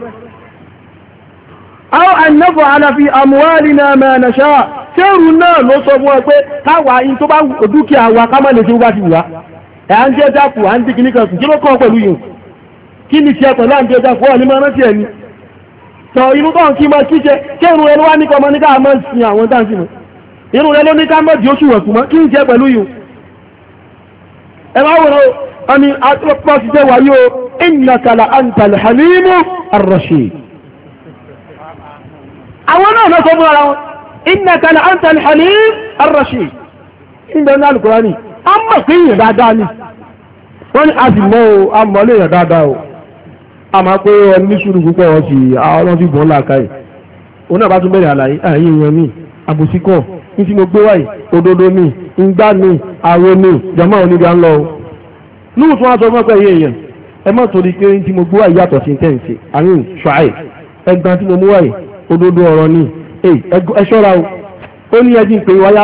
ṣé náà ló ẹ̀ à ń jẹ́ dákù à ń dí kìíní kan sùn kí ló kọ́ pẹ̀lú yìí kí ni tiẹ̀ pẹ̀lú à ń jẹ́ dákù wà ní máa rántí ẹ̀ ni sọ irú tó ń kí máa kíjẹ kẹrùn ẹni wá ní kọmọ ní káà máa sin àwọn dáǹsì mọ́ irú rẹ ló ní ká mọ́ọ̀dì oṣù wẹ̀kù mọ́ kí ń jẹ́ pẹ̀lú yìí ẹ máa wòrán ọni àtúpọ̀ ti jẹ́ wáyé o innaka la antal halimu ar àwọn náà lọ́sọ̀ fún ara wọn innaka la antal halim ar-rashid ìgbẹ́ náà lùkùránì a mọ̀ pé èèyàn dáadáa ni wọ́n ní a sì mọ o a mọ̀ lé èèyàn dáadáa o a máa pé ẹ n'isuru sùúrù púpọ̀ wọn sì àwọn ti bọ́n láàka yìí òun náà bá tún bẹ̀rẹ̀ àlàyé àyè èèyàn mi àbòsí kọ̀ ní mo gbé wáyé òdodo mi mi mi ń lọ o lóòótọ́ wọn sọ fún èèyàn ẹ má torí pé ní tí mo gbé wáyé yàtọ̀ sí tẹ̀sí tí mo mú wáyé òdodo ọ̀rọ̀ ni ẹ ṣọ́ra o ó ní pé wáyà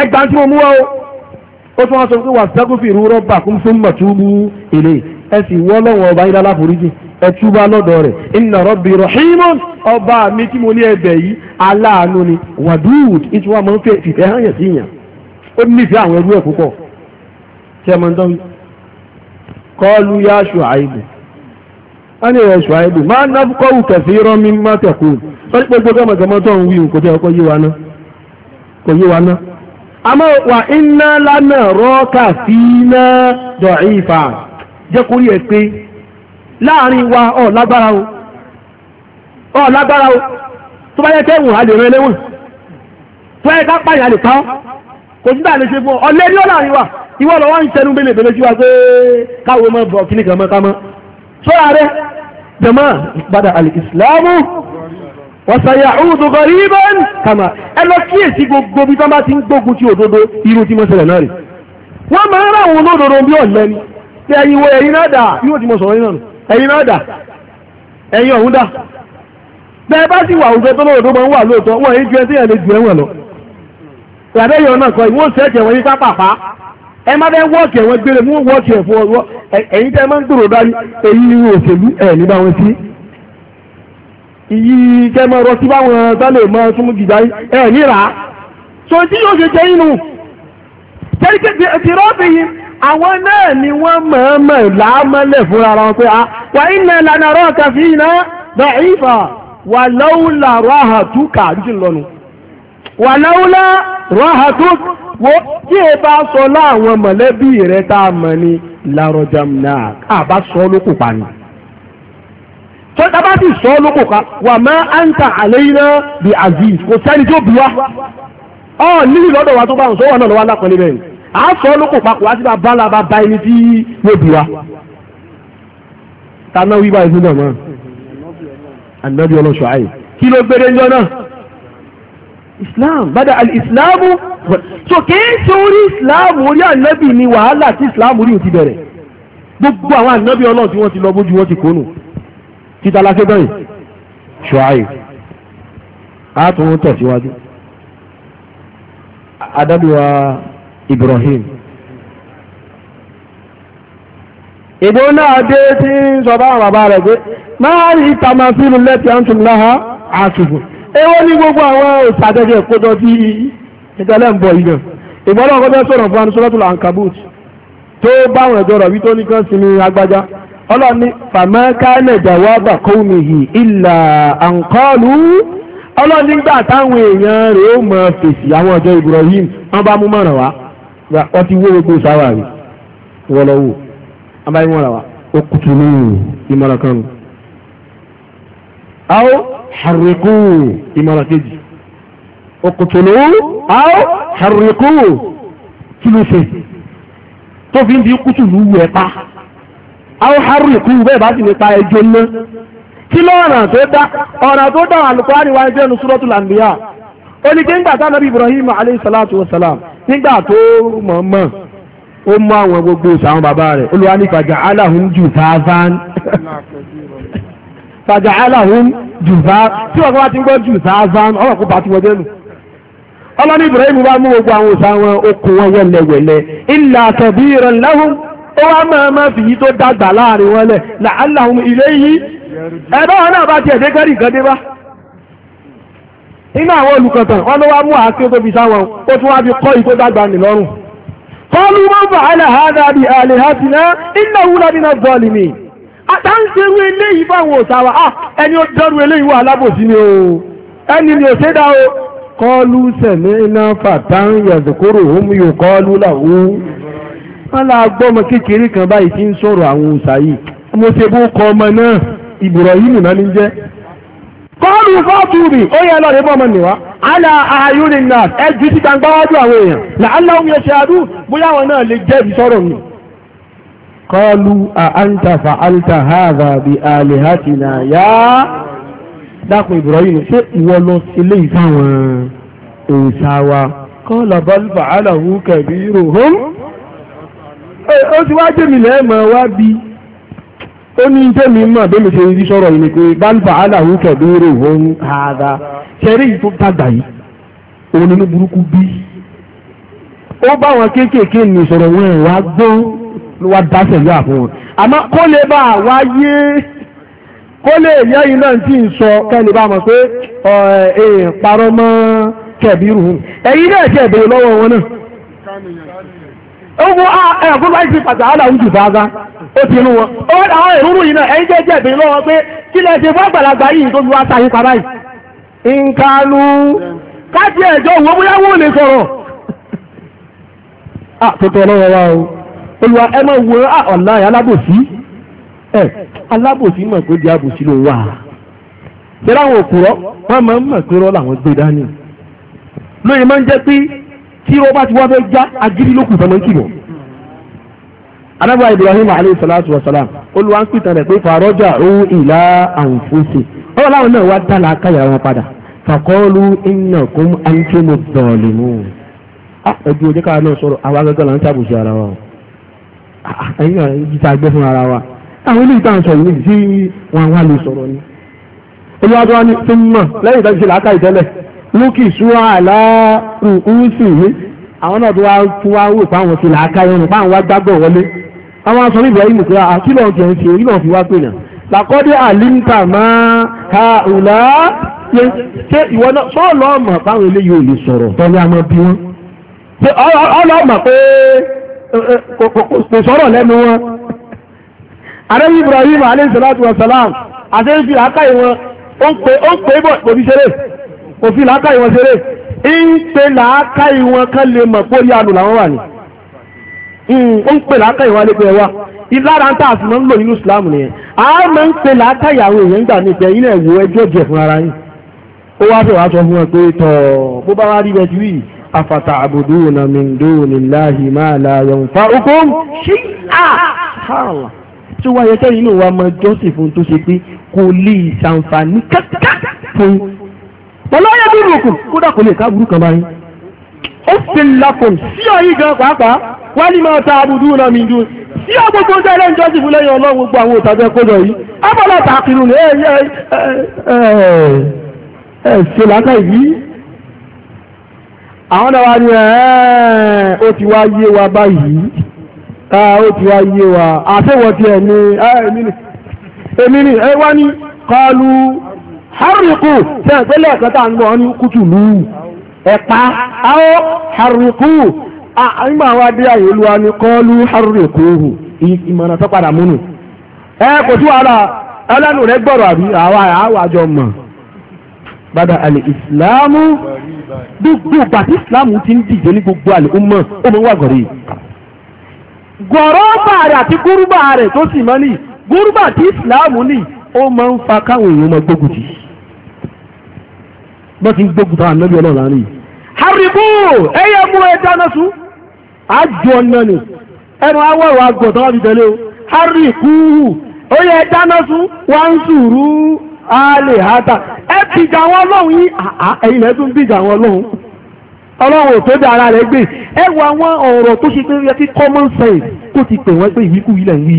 ẹgbà mo mú o ó tún wá sọ pé wà sẹ́kùfì rúrọ́ kún fún màtúbù ọba yín láláforíjì ẹ túbá lọ́dọ̀ rẹ̀ inna rabbi ọba mi tí mo ní ẹ̀bẹ̀ yìí aláàánú ni wadud ìtura máa ń fẹ́ fìfẹ́ hàn àwọn ya Shu'aibu wọ́n ní Shu'aibu máa ní ń wí kò ọkọ̀ yé wa ná kò yé wa ná àmọ́ wà iná lánà rọ́ọ̀kà fi iná dọ̀rí ìfà jẹ́ ẹ̀ pé wa ọ̀ lágbára o ọ̀ lágbára o tó bá yẹ kẹ́wùn a lè rán ẹlẹ́wọ̀n tó yẹ fún ọ ọ̀lẹ́ ní ọ̀là àríwá ìwọ lọ́wọ́ ń tẹnu bẹ́lẹ̀ bẹ́lẹ̀ síwá pé káwọ́ mọ́ bọ̀ mọ́ ká mọ́ sọ́ra rẹ̀ jẹ̀mọ́ ìpadà ọ̀sàyà ya gọ̀rí ibọ́n kàmà ẹlọ kíyèsí gbogbo bí ti ń gbógun ti òdodo irú tí mo ṣẹlẹ̀ náà wọ́n máa náà dà yóò ti mọ̀ sọ̀rọ̀ nínú ẹ̀yin náà dà ẹ̀yin ọ̀hún dà bẹ́ẹ̀ bá sì wà òjò tó máa ń wà lóòótọ́ wọ́n ju ẹsẹ̀ yẹn lè ju ẹ̀wọ̀n lọ yọ náà kọ ìwọ́n ẹ má wọ́ọ̀kì ẹ̀wọ̀n gbére mú wọ́ọ̀kì ẹ̀fọ́ ẹ̀yin tẹ́ máa ń gbòrò dání ìyí kẹmọ ọ̀rọ̀ sí báwọn tọ́lẹ̀ mọ́ súnmú gìjà ẹ̀ níra so tí yóò ṣe jẹ́ inú tìrọ́bì yìí àwọn náà ni wọ́n mọ̀ọ́mọ̀ láàmọ́lẹ̀ fúnra ara wọn pé a wà iná ìlànà ọ̀rọ̀ kàfí iná bẹ̀ ìfà wà lọ́wọ́lá rọ́hà túkà jù lọ́nu wà lọ́wọ́lá rọ́hà túkà wo tí ẹ bá sọ láwọn mọ̀lẹ́bí rẹ̀ tá a mọ̀ ni lárọjà náà àbá sọ lókùpa ni tó tábà sọ lóko ká wà má à ń ta àléyìnà bí aziz kò sẹ́ni tó bí wa ọ nílì lọ́dọ̀ wa tó bá ń sọ wọn náà lọ́wọ́ alákọ̀ọ́lẹ̀ bẹ́ẹ̀ à ń sọ lóko papọ̀ wá sí bá bá la bá bá ẹni tí yóò bí wa. taná wíwá ìlú náà mọ́ ànábi ọlọ́ṣọ́ àyè kí ló gbére ń jọ náà islam bada al-islamu so kìí ṣe orí islam orí ànábì ni wàhálà tí islam rí ò ti bẹ̀rẹ̀ gbogbo àwọn ànábì ọlọ́run tí wọ́n ti lọ bójú wọn ti kónù títa lákè báyìí ṣùáì a tún tẹ̀síwájú adábíwá Ibrahim ìbò náà dé tí ń sọ bá bàbá rẹ̀ pé máa rí ìtàmà sínú lẹ́tì àǹtùm láha àṣùgbò ewé ní gbogbo àwọn ìsàtẹ́jẹ́ kójọ tí ìtẹ́lẹ̀ ń bọ̀ yìí ìbọn náà kọjá sọ̀rọ̀ fún anusọ́lọ́tò àǹkàbùt tó báwọn ẹ̀jọ́ rọ̀ wí kan sinmi agbájá ọlọ́ni fàmọ́kánà jàwábà kọ́ùnìhì ìlà àǹkọ́ọ̀lù ọlọ́ni gbà táwọn èèyàn rẹ̀ ó mọ fèsì àwọn ọjọ́ Ibrahim wọ́n bá mú mọ̀ràn wá wọ́n ti wó gbogbo sáwà rẹ̀ wọ́lọ́wọ́ wọ́n bá mú mọ̀ràn wá ó kùtù ní ìmọ̀ràn kan nù. àó hàrìkú ìmọ̀ràn kejì ó kùtù ní àó hàrìkú kí tó fi ń di kùtù ní wù ẹ̀ pa áwòhárù nìkú bẹ́ẹ̀ bá sì nípa ẹjọ́ ná kí ló ọ̀nà tó dá ọ̀nà tó dá àlùkùránì wá ẹjọ́ nu Suratul Anbiya ó ní kí nígbà táwọn Ibrahim alayhi salatu wa salam nígbà tó mọ̀ mọ̀ ó mú àwọn gbogbo sàwọn bàbá rẹ̀ olùwà ní fàjà aláhùn jù fáfán fàjà aláhùn jù fáfán tí wọ́n kọ́ ti ń gbọ́ jù fáfán ọ̀rọ̀ kó bá ti wọ́n ọlọ́ni Ibrahim bá mú gbogbo àwọn òsà wọn okùn wọn wẹ́lẹ́wẹ́lẹ́ illa kabiran lahum ó wá máa máa fi yí tó dàgbà láàrin wọn lẹ̀ làálàhùn ilé yìí ẹ̀bá wọn náà bá ti ẹ̀dẹ́ kẹ́rì kan dé bá àwọn olùkọ̀tàn wọn ló wá mú àáké tó fi sáwọn ó tún wá fi kọ́ yìí tó dàgbà nì lọ́rùn kọlu wọn bá aláhàdà bí àlèhàtìná iná wúlá nínú bọ́ọ̀lì mi àtàǹṣerú eléyìí fáwọn òsàwà á ah, ẹni ó dọ́rù eléyìí wà alábòsí ni o ẹni ni ò ṣe dá o kọlu sẹ̀mí iná fàtàn yẹ̀dùkúrò òun yóò kọlu làwọn wọ́n la gbọ́mọ kékeré kan báyìí tí ń sọ̀rọ̀ àwọn òòsà yìí mo ṣe bó kọ ọmọ náà Ibrahim náà ní jẹ́ kọ́ọ̀lù fọ́tùbì ó yẹ lọ́rẹ̀ bọ́mọ nìwá ala ayúni náà ẹ ju ti gbangba wájú àwọn èèyàn là aláwọ̀ yẹn ṣe adú bóyá àwọn náà lè jẹ́ ìsọ̀rọ̀ mi. kọ́ọ̀lù àǹtà fàáltà hàdà bí alihatina yá dákun Ibrahim ṣé ìwọ lọ sílé ó ti wá jẹ́mi lẹ́ẹ̀mọ̀ wá bí ó ní jẹ́mi mọ̀ bí mi ṣe rí sọ̀rọ̀ yìí ni pé bálùbà aláwọ̀ kẹ̀dúró òun ààdá ṣẹ̀rí tó dàgbà yìí òun nínú burúkú bí ó bá wọn kéékèèké ní sọ̀rọ̀ wọn ẹ̀ wá wọn àmọ́ kó lè bá wá yé kó lè yìí náà ń sọ bá mọ̀ pé ẹ̀ parọ́ mọ́ ẹ̀yin náà owó a bá ti pàtàkì aláwọ̀ jù bá gá ó ti inú wọn ó wọ́n àwọn ìrúrú yìí náà ẹ̀yìn jẹ́jẹ́ ìbìnrin lọ́wọ́ pé kí lẹ́ ṣe fún àgbàlagbà yìí tó fi wá sáyé pa báyìí nkanu ẹjọ ẹ̀jọ́ òwò bóyá wọ́n lè sọ̀rọ̀ à tótó ọlọ́wọ́ wa o olùwà ẹ máa wo ọ̀la ẹ̀ alábòsí ẹ̀ alábòsí mọ̀ pé di abòsí ló wà wọ́n máa ń mọ̀ pé rọ́ làwọn gbé dání máa ń jẹ́ pé tí ó bá ti wá fẹ́ já agídí lókùn tọmọ ń kìbọ̀. anábà ibrahim alayhi salatu wa salam olùwà ń pìtàn rẹ̀ pé fàrọ́jà òun ìlà àǹfóṣe ọwọ́ láwọn náà wá dá làákàyà wọn padà fàkọ́ọ́lù innakum antumud A ẹbí ojú káwa náà sọ̀rọ̀ àwa gẹ́gẹ́ là ń ṣàbùsí ara wa ẹ̀yìn náà yìí ta gbé fún ara wa àwọn ilé ìtàn sọ̀rọ̀ yìí sí wọn wá lè sọ̀rọ̀ ni. olùwàjọ́ wa ní fún mọ̀ lẹ́yìn ìtàn lókì ṣúra àlá àwọn náà tó wá tó wá wò fáwọn sí làákà irun fáwọn wá gbàgbọ́ wọlé àwọn aṣọ yìí nìkan ah, ṣe orí náà fi wá pè náà làkọ́dé àlíńtà máa ha òlá ṣe ṣe ìwọ náà fáwọn eléyìí ò lè sọ̀rọ̀ tọ́lé àmọ́ bí wọ́n ṣe ọlọ́ọ̀mà pé kò sọ̀rọ̀ lẹ́nu wọn òfin làákàyè wọn ṣeré ń pe làákàyè wọn kán lè mọ̀ pé ó yá àlò làwọn wà ní ó ń pè látàyè wálé pé ẹwà ìlara ń tààsì máa ń lò nínú Islam nìyẹn a máa ń pè látàyè àwọn èèyàn gbà nípa ẹ̀yìn náà wo ẹjọ́ jẹ fún ara yín ó wá fẹ́ wá sọ fún ẹ pé tọ̀ bó bá wá rí bẹ́ẹ̀ tíwì afata abudu na mindo nilahi máa la yẹun fa okun ṣí à hàlà tí wọ́n yẹ kẹ́yìn náà wá máa jọ́sìn fún tó ṣe pé kò lè ṣàǹfààní kankan fún pẹ̀lú ayé bí ìrùkùn kódà kò lè káàbùrú kan báyìí ó fi lakùn sí ọ̀yí gan pàápàá wá ní máa ta àbùdú náà mi dùn sí ọgbogbo ọjọ́ ilé ìjọsìn fún gbogbo àwọn yìí ṣe lákà yìí àwọn náà wá ní eh, ó ti wá yé wa báyìí ah, ó ti wá wa ní ah, ni harriku sẹ́ẹ̀gbẹ́lẹ̀ ẹ̀kan ń ní ẹ̀pá harriku àìmọ̀ àwọn adé harriku ìmọ̀ràn tó padà ẹ kò tí wàhálà ẹlẹ́nu rẹ gbọ́rọ̀ àbí àwọn àjọ mọ̀ bàdà àlè ìsìláàmù gbogbo ìgbà ìsìláàmù ti ń ní gbogbo àlè wà gọ̀rẹ́ rẹ̀ àti gúrúbà rẹ̀ tó sì mọ́ ní gúrúbà tí ìsìláàmù fa káwọn èèyàn gbógun bọ́n ti ń gbógun ta ànábì ọlọ́run láàrin haribu eye mú ẹ dáná sùn àjọ ọ̀nà ni ẹnu awọ ìwà gbọ̀dọ̀ wọn fi o haribu oye dáná sùn wọn sùúrù alẹ́ hàtà ẹ bìjà àwọn ọlọ́run yìí ẹ̀yin ẹ̀ tún bìjà àwọn ọlọ́run ọlọ́run ò tó bí ara rẹ̀ gbé ẹ àwọn ọ̀rọ̀ tó ṣe pé kí common sense kó ti pè wọ́n pé ìwíkú yìí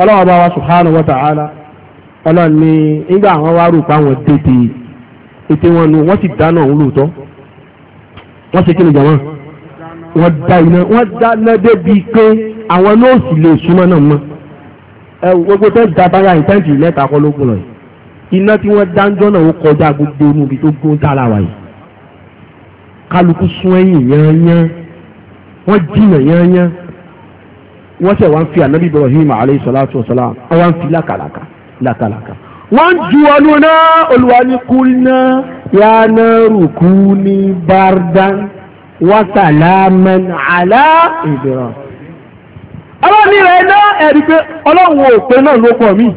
ọlọ́run wa ọlọ́run ní nígbà àwọn wá rò pé àwọn tètè ètè wọn nu wọ́n sì dáná òun lóòótọ́ wọ́n ṣe kí ni jọ̀wọ́n wọ́n dá iná wọ́n dáná débi pé àwọn nọ́ọ̀sì lè súnmọ́ náà mọ́ ẹ gbogbo tẹ́ǹtì dábàárà ìtẹ́ǹtì mẹ́ta kọ́ ló gbọ́n lọ yìí iná tí wọ́n dáńjọ́ náà ó kọjá gbogbo inú ibi tó gbó dára wà yìí kálukú sún ẹ̀yìn yányán wọ́n jìnà yányán wọ́n ṣẹ̀ wá ń fi ànábì Ibrahim alayhi salatu wa salam wọ́n wá ń fi lákàlàkà làkàlàkà wọ́n ju ọlú náà olùwà ní kúlínà yánà rùkú ní bardan wasalaman ala ìdìrọ̀ ọlọ́ni rẹ̀ náà ẹ̀rí pé ọlọ́run òpin náà ló pọ̀ mí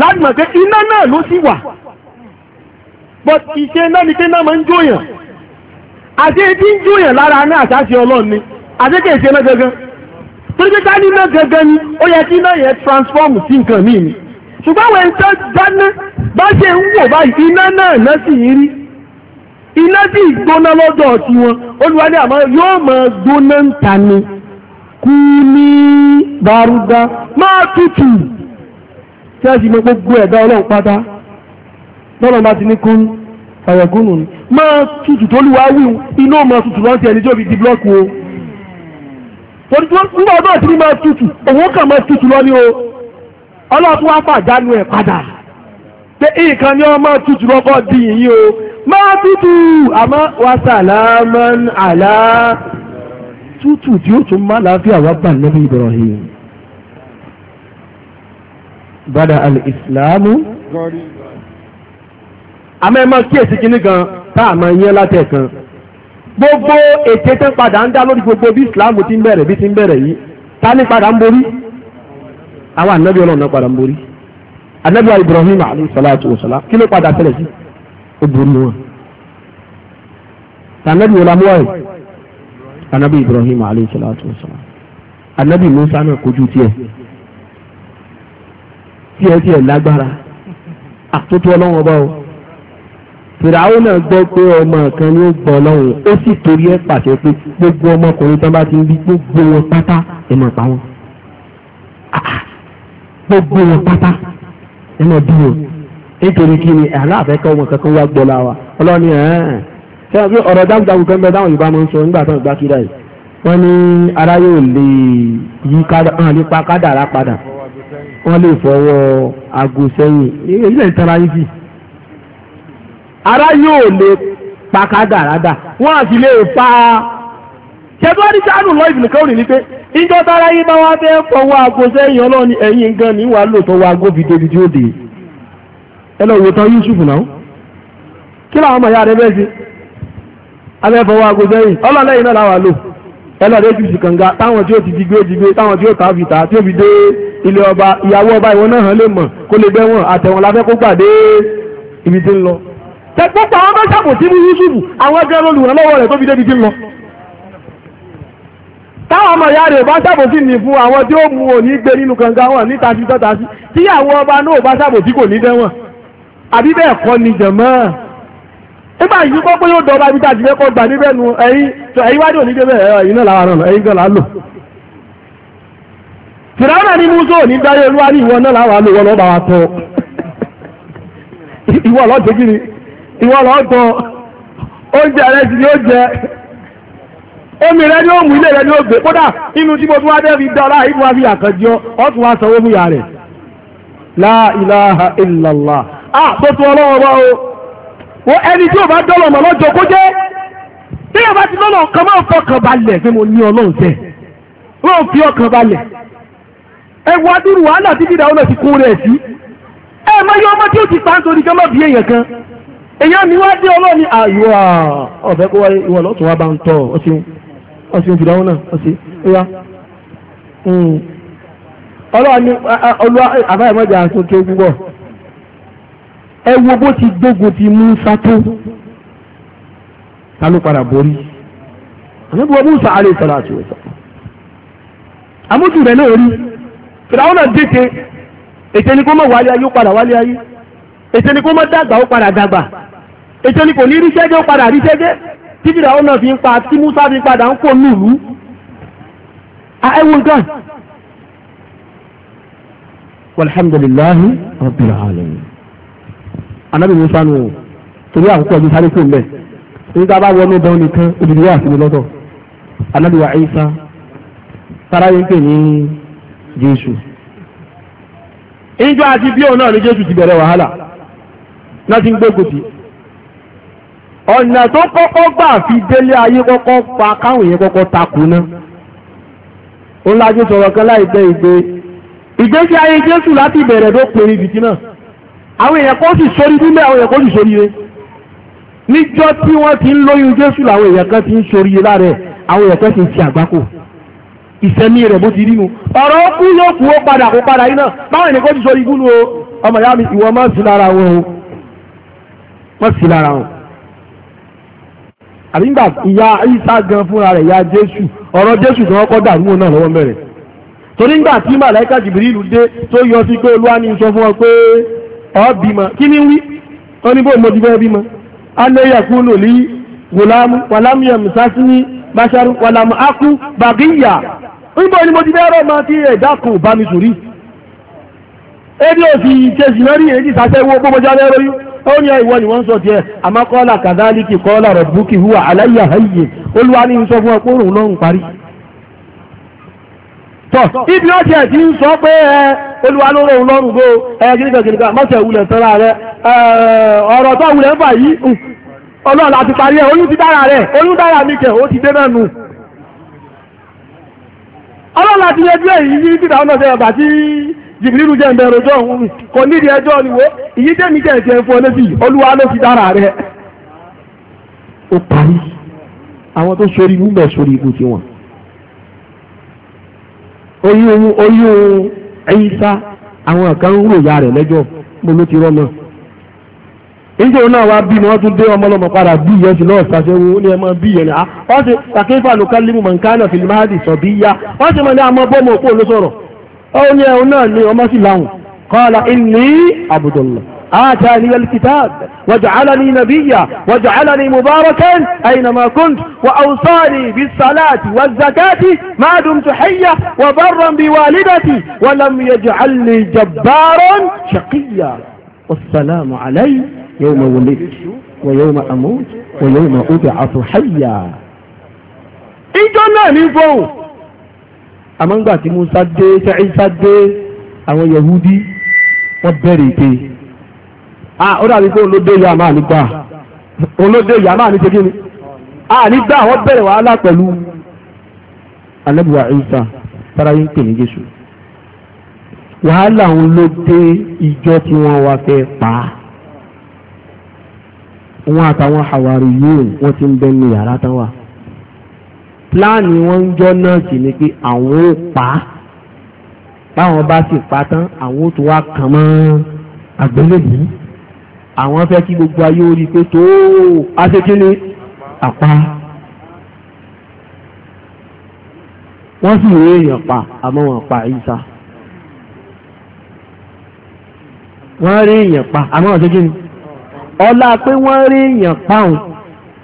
láti mọ̀ pé iná náà ló sì wà but ìṣe náà ni pé náà máa ń jóyàn àti ibi ń jóyàn lára náà àṣàṣe ọlọ́run ni àti kèèṣe náà gangan torí pé ká ní náà gangan ni ó yẹ kí náà yẹn transform sí nǹkan míì ni ṣùgbọ́n àwọn ẹ̀ńtọ́ dáná bá ṣe ń wò báyìí iná náà náà sì rí iná sì gbóná lọ́dọ̀ ti wọn olùwà àmọ́ yóò máa gbóná ń ni kú ní bàrúdá máa tutù tí a sì mọ gbogbo ẹ̀dá ọlọ́run pátá lọ́nà bá ti ní kún ọ̀yọ̀gúnnù ni máa tutù tó lù wá iná o nígbà ní máa tutù òun kà máa o. ọlọ́tún wá fàjánu ẹ̀ padà pé nǹkan ni ọmọ tútù lọ́kọ́ di yìí o máa tútù àmọ́ wasalaman àlá tútù tí ó tún má láàfíà wá bà Nabi Ibrahim bada al-islamu àmọ́ ẹ máa kíyèsí kíní gan tá a máa yẹn látẹ̀kan gbogbo ètè tó padà ń dá lórí gbogbo bí Islam ti ń bẹ̀rẹ̀ bí ti ń bẹ̀rẹ̀ yìí ta ní padà ń borí àwọn ànábì ọlọ́run náà padà ń borí ànábì Ibrahim alayhi salatu wa salam kí ló padà ṣẹlẹ̀ sí ó borí wọn ànábì olamuwaye ànábì Ibrahim alayhi salatu wa salam ànábì Musa náà kojú tiẹ̀ tiẹ̀ tiẹ̀ lágbára àtúntò ọlọ́run ọba o fìràwọ́ náà gbọ́ pé ọmọ kan ní ó gbọ́ ọlọ́run ó sì torí ẹ̀ pàṣẹ pé gbogbo ọmọkùnrin tán bá ti ń bí gbogbo wọn pátá ẹ̀ mọ̀ pa wọn. Ah, gbogbo wọn pátá ẹnu dúró nítorí kí wa ọlọ́ni ẹ̀ẹ́n ṣé wọ́n fi ọ̀rọ̀ dáhùndáhùn kan bẹ dáhùn Yorùbá máa ń sọ nígbà tó ń gbá kíra ara yóò lè yí nípa kádàrá padà wọ́n lè fọwọ́ aago ara yóò lè pa kádàrá dà tẹ́tọ́ ní sáànù lọ ìbìnkan ò ní ní pé ìjọ tára yín bá wá fẹ́ fọwọ́ aago sẹ́yìn ọlọ́run ní ẹ̀yìn gan ní wàá lò tọwọ́ aago fi débi tí ó dé ẹ lọ wò tán Yusuf náà kí làwọn ọmọ ìyá rẹ bẹ́ẹ̀ sí abẹ́ fọwọ́ aago sẹ́yìn ọlọ́lẹ́yìn náà làwọn lò ẹ lọ rẹ́jú sí kànga táwọn tí ó ti digbé digbé táwọn tí ó ta fi tí ó fi dé ilé ọba ìyàwó ọba ìwọ náà hàn lè mọ̀ kó lè bẹ́ wọn àtẹ̀wọn la fẹ́ kó gbàdé ibi tí ń lọ. tẹ̀gbọ́n pa àwọn bẹ́ẹ̀ sàbò Yusuf àwọn ẹgbẹ́ olùrànlọ́wọ́ rẹ̀ tó fi débi tí ń lọ. táwọn ọmọ ìyá rẹ̀ bá ṣàbòsí ní fún àwọn tí ó mú òní gbé nínú kànga wọn níta sí tí àwọn ọba náà bá kò ní dẹ́wọ̀n àbí bẹ́ẹ̀ kọ́ ni jẹ̀mọ́ nígbà yìí kọ́ pé yóò dọ̀ba ibi tá a fẹ́ kọ́ gbà níbẹ̀ nu wájú òní débẹ̀ lò ní musa dáyé ìwọ náà làwọn àlòwọ́ lọ́ba wa tọ́ ìwọ lọ́ọ́ jẹ́ kí ni ìwọ lọ́ọ́ tọ́ oúnjẹ omi rẹ ní ilé rẹ ní kódà inú tí mo tún wá dé fi dá fi àkànjọ ọ tún wá rẹ la ilaha tó ah, tún ọlọ́wọ́ wá o wo ẹni tí o bá dọ́lọ̀ mọ̀ lọ́jọ́ kó jẹ́ tí o bá ti lọ́nà máa fọkàn balẹ̀ pé mo ní ọlọ́run tẹ̀ wọ́n fi ti kún rẹ̀ sí ẹ mọ iye ọmọ tí o ti pa nítorí kan kan èèyàn mi wá dé ọ̀fẹ́ kó ọ̀sìn ìfìdáwọ́ náà ọ̀sìn ìyá hmm. ọlọ́ọ̀ni olúwa àbáyọ̀mọ́jà àtúntò púpọ̀ ẹ wo bó ti gbógun ti Musa tó ta ló padà borí àmọ́bí wọn Musa alẹ́ sọ̀rọ̀ àti wọ́n sọ̀rọ̀ àmójú rẹ̀ náà rí fìdáwọ́ náà dètè ètè ni kó mọ̀ wálé ayé ó padà wálé ayé ètè ni kó mọ̀ dàgbà ó padà dàgbà ètè ni kò ní ríṣẹ́gẹ́ ó padà ríṣẹ́gẹ́. tí fìdáwó náà fi ń pa tí Musa fi padà ń kò nílùú ẹwù nǹkan. walhamdulillahi rabbil alamin anabi Musa nù torí akwụkwọ ọdún sáré kó mbẹ nígbà bá wọnú nìkan òdìdí wà síbi lọ́tọ̀ anabi wa Isa sára yín pè ní Jésù ìjọ àti bí òun náà ní Jésù ti bẹ̀rẹ̀ wàhálà náà ti ń ọ̀nà tó kọ́kọ́ gbà fi délé ayé kọ́kọ́ pa káwọn èèyàn kọ́kọ́ takò náà ó lájú sọ̀rọ̀ kan láìpẹ́ ìgbé ìgbésí ayé Jésù láti ìbẹ̀rẹ̀ tó pèrè ìbìtì náà àwọn èèyàn kò sì sórí nílẹ̀ àwọn èèyàn kò sì sórí rẹ̀ níjọ́ tí wọ́n ti ń lóyún Jésù làwọn èèyàn kan ti ń sórí lára ẹ̀ àwọn èèyàn kan ti ń ti àgbákò ìsẹ̀mí rẹ̀ bó ti rí nu ọ̀rọ̀ kú yóò kú ó padà kó padà yìí náà báwọn èèyàn kò sì sórí ibú ọmọ ìyá mi ìwọ máa sí lára wọn o wọ́n sí lára wọn. àbí nígbà ìyá gan fúnra rẹ̀ ya jésù ọ̀rọ̀ jésù gan kọ́ dàrú náà lọ́wọ́ mẹ́rẹ̀ torí nígbà tí màláìka ìlú dé tó yọ sí pé olúwa ní sọ fún ọ pé ọ bímọ kí ni wí ó ní bó wòlámù wàlámù ni mo rọ̀ máa ti ẹ̀dá bá mi sùn rí ebi òsì ìṣesì náà rí èyí gbogbo ó ní ìwọ ni wọ́n sọ tiẹ̀ àmọ́ kọ́lá kàdálíkì kọ́lá rọ̀bùkì hùwà aláyà hayè olúwa ní sọ fún ọpọ́rùn ibi ó tiẹ̀ ti ń sọ pé ẹ olúwa ló lọ́rùn ẹ mọ́tẹ̀ wulẹ̀ rẹ ọ̀rọ̀ wulẹ̀ ń fà parí ti dára oyún dára mi ti dé mẹ́nu jìbìrìlù jẹ́ ìbẹ̀rù ọjọ́ òun mi kò nídìí ẹjọ́ ni wo ìyí tẹ́mi jẹ́ ìjẹ́ fún ọ létí olúwa ló fi dára rẹ̀. ó parí àwọn tó sori ibú bẹ̀ sórí ibú tiwọn. oyún oyún ẹyin sá àwọn kan ń rò ya rẹ̀ lẹ́jọ́ mo ló ti rọ́ náà níjẹ́ náà wá bí wọ́n tún dé ọmọ ọlọ́mọ padà bí ìyẹn ní bí ìyẹn ni ah, wọ́n ti ṣàkíyèsí àlùkálí mọ̀nkánà fìlímáàdì sọ̀bí yá wọ́n ti mọ̀ ní قال اني ehun الله آتاني الكتاب وجعلني نبيا وجعلني مباركا أينما كنت وأوصاني بالصلاة والزكاة ما دمت حيا وبرا بوالدتي ولم يجعلني جبارا شقيا والسلام علي يوم ولدت ويوم أموت ويوم أبعث حيا إجنا نفوه amọ́ngbà tí Musa dé sẹ́yìnsá dé àwọn Yahudi wọ́n bẹ̀rẹ̀ ìpè a ó dàbí pé olóde yà máa nígbà olóde yà máa ní ṣe kíni a nígbà wọ́n bẹ̀rẹ̀ wàhálà pẹ̀lú alẹ́bùwà Ìsá sáráyé ń pè ní Jésù wàhálà òun ló dé ìjọ tí wọ́n wá fẹ́ pa á wọn àtàwọn àwárí yìí wọ́n ti ń bẹ́ ní yàrá tán wà pláàni wọn ń jọ náà sì ni pé àwọn ò pa báwọn bá sì pa tán àwọn ò tún wá kàn mọ́ àgbélébùú àwọn fẹ́ kí gbogbo ayé orí pé tó aṣèkínní àpá wọ́n sì rí èèyàn pa àmọ́ wọn pa ìsá wọ́n rí èèyàn pa àmọ́ wọn ṣe kí ni ọlá pé wọ́n rí èèyàn pa òun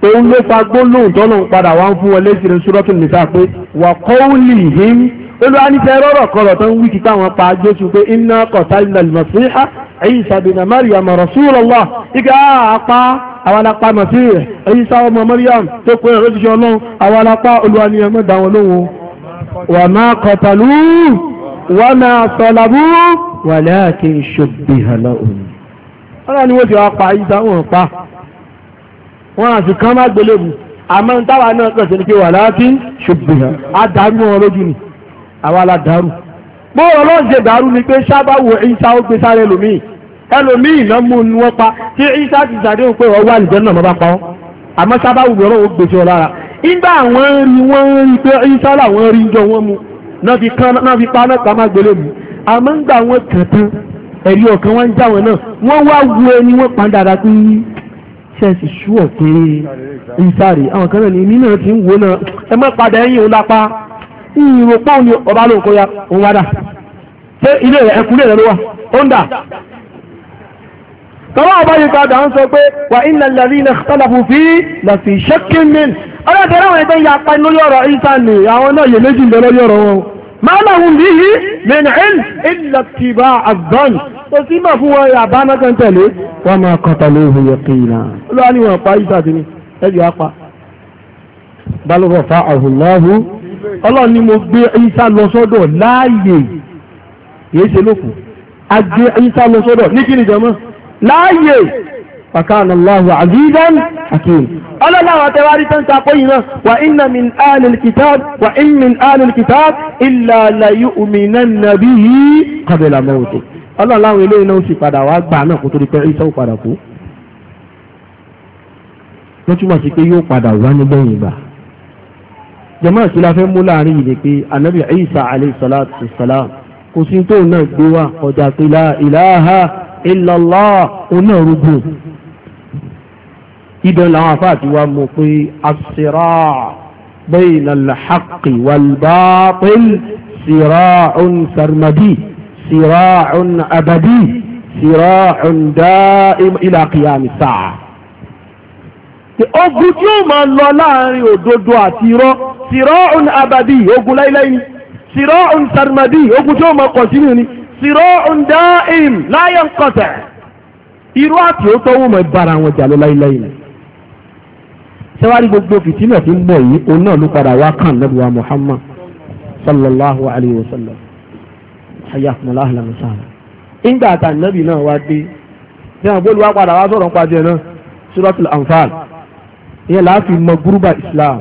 òun ló fa gbólóhùn tọ́nà ń padà wá ń fún wọn léṣe ṣúrọ́tù nìta pé wà kọ́ọ̀lì yìí olùwànìfẹ́ rọ̀rọ̀ kọ̀rọ̀ tó ń wí kíkà wọn pa jésù pé iná kọ̀tàlínà mọ̀síhá èyí sàbìnà mariam rasulullah ike àpá awalapa mọ̀síhì èyí sáwọn ọmọ mariam tó pé ẹ̀rọ ti ṣe awalapa olùwànìyàn mọ́ dáwọn a àti kán má gbélébù àmọ́ ń táwa náà kàn sí ni pé wà láti ṣùgbọ́n adarú wọn lójú ni àwa la dàrú bó ọlọ́run dàrú ni pé sábàwò ìṣá ó gbé sáré lòmíì ẹlòmíì náà ni wọ́n pa tí ìṣá ti ṣàdéhùn pé wọ́n wà nìjẹ́ ọ lára nígbà àwọn rí wọ́n rí pé ìṣá làwọn rí jọ wọ́n mu náà fi pa náà má gbélébù àmọ́ ń gbà wọ́n wọn náà wọ́n wá ẹni ṣẹ́ẹ̀sì ṣúọ̀ pé ìsáré àwọn kan náà ní nínú ti ń wo náà ẹ má padà ẹ̀yìn òun lápá ìrò pọ́ùn ni ọba ló ń kọ́ ya òun wá ṣé ilé rẹ̀ ẹkùnlé rẹ̀ ló wà ó ń dà. tọ́wọ́ ọba yìí padà ń sọ pé wà ní nàìjíríà ní ìtàlàfù fi lọ́sì ṣẹ́kínmìn ọlọ́dẹ̀ ráwọn ẹgbẹ́ ya pa lórí ọ̀rọ̀ ìta ni àwọn náà yè méjì lórí ọ̀rọ̀ wọn. máa náà wù mí yìí mẹ́nà kò sí mọ̀ fún wọn yàbá náà kan tẹ̀lé wọ́n máa kan tẹ̀lé ìhun yẹ kí iná olúwa ni wọ́n pa isa ti ní ẹjọ́ apá balùwọ̀ fa àhùnláhù ọlọ́run ni mo gbé isa lọ sọ́dọ̀ láàyè kìí ṣe lókun a gbé isa lọ sọ́dọ̀ ní kí ni jẹ́mọ́ láàyè فكان الله عزيزا حكيم ألا لا وتواري تنسى قينا وإن من آل الكتاب وإن من آل الكتاب إلا ليؤمنن به قبل موته ọlọ́run láwọn eléyìí náà ó sì padà wá gbà náà kó tó di pé ìṣe ó padà kú ló túmọ̀ sí pé yóò padà wá nígbẹ̀yìn ìgbà jama sí la fẹ́ mú láàrin yìí ni pé anabi isa alayhi salatu salam kò sí tóun náà gbé wá ọjà pé la ilaha illallah òun náà làwọn afa àti wa mọ̀ pé asira bayna al-haqqi wal-batil sira'un صراع أبدي صراع دائم إلى قيام الساعة ogun tí ó máa lọ láàrin òdodo àti irọ́ sirọ́ọ̀n abadi ogun láíláí ni sirọ́ọ̀n sarmadi ogun tí ó máa kọ̀ sínú ni sirọ́ọ̀n dáìm láyé ń kọ̀tẹ̀ irọ́ àti òótọ́ wọn máa bára wọn jà lọ láíláí ni. sẹ́wárí gbogbo fìtínà tí ń bọ̀ yìí òun náà ló padà wá kàn lẹ́bùwá Muhammad sallallahu alayhi wa sallam ayakumọ̀lá àlàmù sáà ìgbà àtànàbì náà wá dé ní àwọn olùwà padà wá sọ̀rọ̀ nípa jẹ náà suratul anfal ìyẹn láàfin mọ gúrúbà islam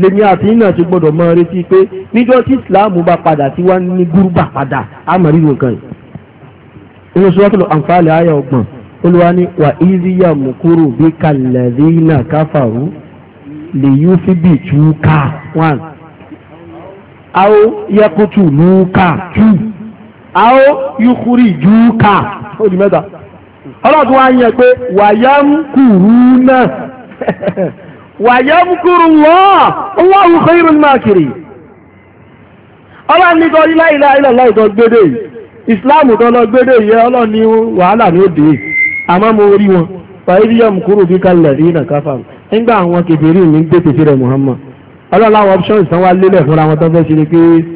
lèmi àti iná ti gbọdọ̀ mọ retí pé níjọ́ tí islam bá padà tí wọ́n ní gúrúbà padà á mọ̀ rírun kan yìí inú suratul anfal àyà ọgbọ̀n olùwà ni wà ìzíyà mùkúrò bí kàlẹ́dínà káfàrú lè yú fíbì túkà one àwọn yẹkùtù lùkà two. àó yukuri júùkà ó mẹ́ta ọlọ́run anyị wá pé wàyámkùrú náà wàyámkùrú wọ́n Allahu khairul makiri ọlọ́run kiri kọ́ ilá ilá ilá ilá gbédè ìsìláàmù tó nọgbede gbédè yẹ ọlọ́run wàhálà ní òde àmọ́ mo rí wọn fàíríyàm kúrò bí kalẹ̀ rí nà káfà nígbà àwọn mi gbé Muhammad àwọn fúnra wọn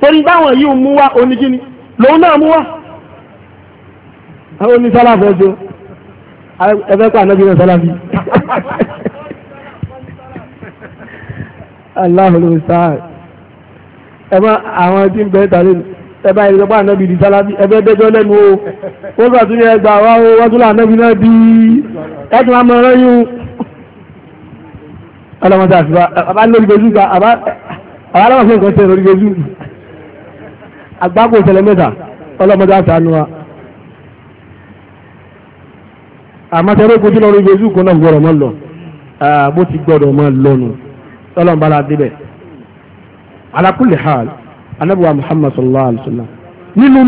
torí báwọn yìí mú wá oníkíní lòun náà mú wá àwọn onísálàfẹ́ ọjọ́ ẹgbẹ́ pa ànábì náà sálàfí aláhùn sáà ẹgbẹ́ àwọn tí ń bẹ́ẹ̀ tàbí ẹgbẹ́ ìrìnlẹ̀ pa ànábì di sálàfí ẹgbẹ́ dẹjọ́ lẹ́nu o wọ́n sọ àtúnyẹ àbá lórí gbèsè àbá lọ́wọ́ fún nǹkan tẹ̀ lórí gbèsè àgbákò ìṣẹ̀lẹ̀ mẹ́ta ọlọ́mọdé àtàánú wa àmọ́tẹ́rẹ́ kojú lọ́rùn ibi ojú náà gbọ́dọ̀ mọ́ lọ bó ti gbọ́dọ̀ mọ́ lọ́nu tọ́lọ́n bá la débẹ̀ ala kulli anabiwa muhammad sallallahu alaihi wa sallam nínú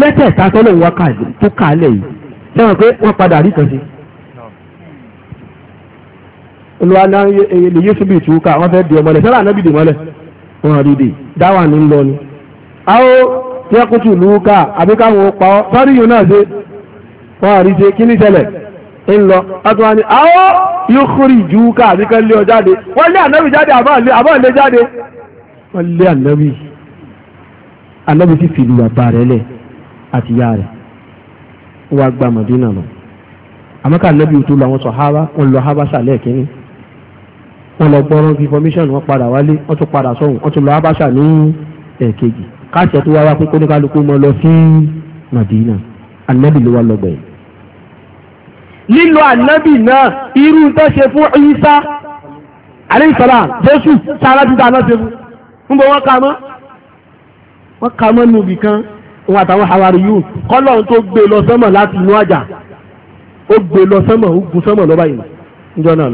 tó yìí pé padà rí kan sí olùwà náà lè yé di rí lọ ni. tẹ́kùtù lùúkà àbí káwọn pa ọ́ sọ́rí yìí náà ṣe wọ́n àrí ṣe kí ní ṣẹlẹ̀ ń lọ ọtún ni àwọ́ yóò kúrì jùúkà àbí kan lé ọ jáde wọ́n lé ànábì jáde àbọ̀ lé jáde wọ́n lé ànábì ànábì sì fìlú bàbá rẹ̀ lẹ̀ àti ìyá rẹ̀ wọ́n wá gba Màdínà lọ àmọ́ ká ànábì tó lọ àwọn sọ̀hábà ń lọ hábàṣà lẹ́ẹ̀kínní wọ́n lọ gbọ́rọ́ information wọ́n padà wálé wọ́n tún padà sọ́hùn wọ́n tún lọ hábàṣà ní ẹ̀ẹ̀kejì káṣẹ tó wá wá pé kálukú mọ lọ sí Madina anabi ló wá lọgbẹ. lílo anabi náà irú tó ṣe fún Isa alayhi Jésù sára ti dáná ṣe fún un wọn mọ wọn níbi kan wọn àtàwọn hawari yìí kọlọ tó gbé lọ sọmọ láti inú àjà ó gbé lọ ó gun yìí náà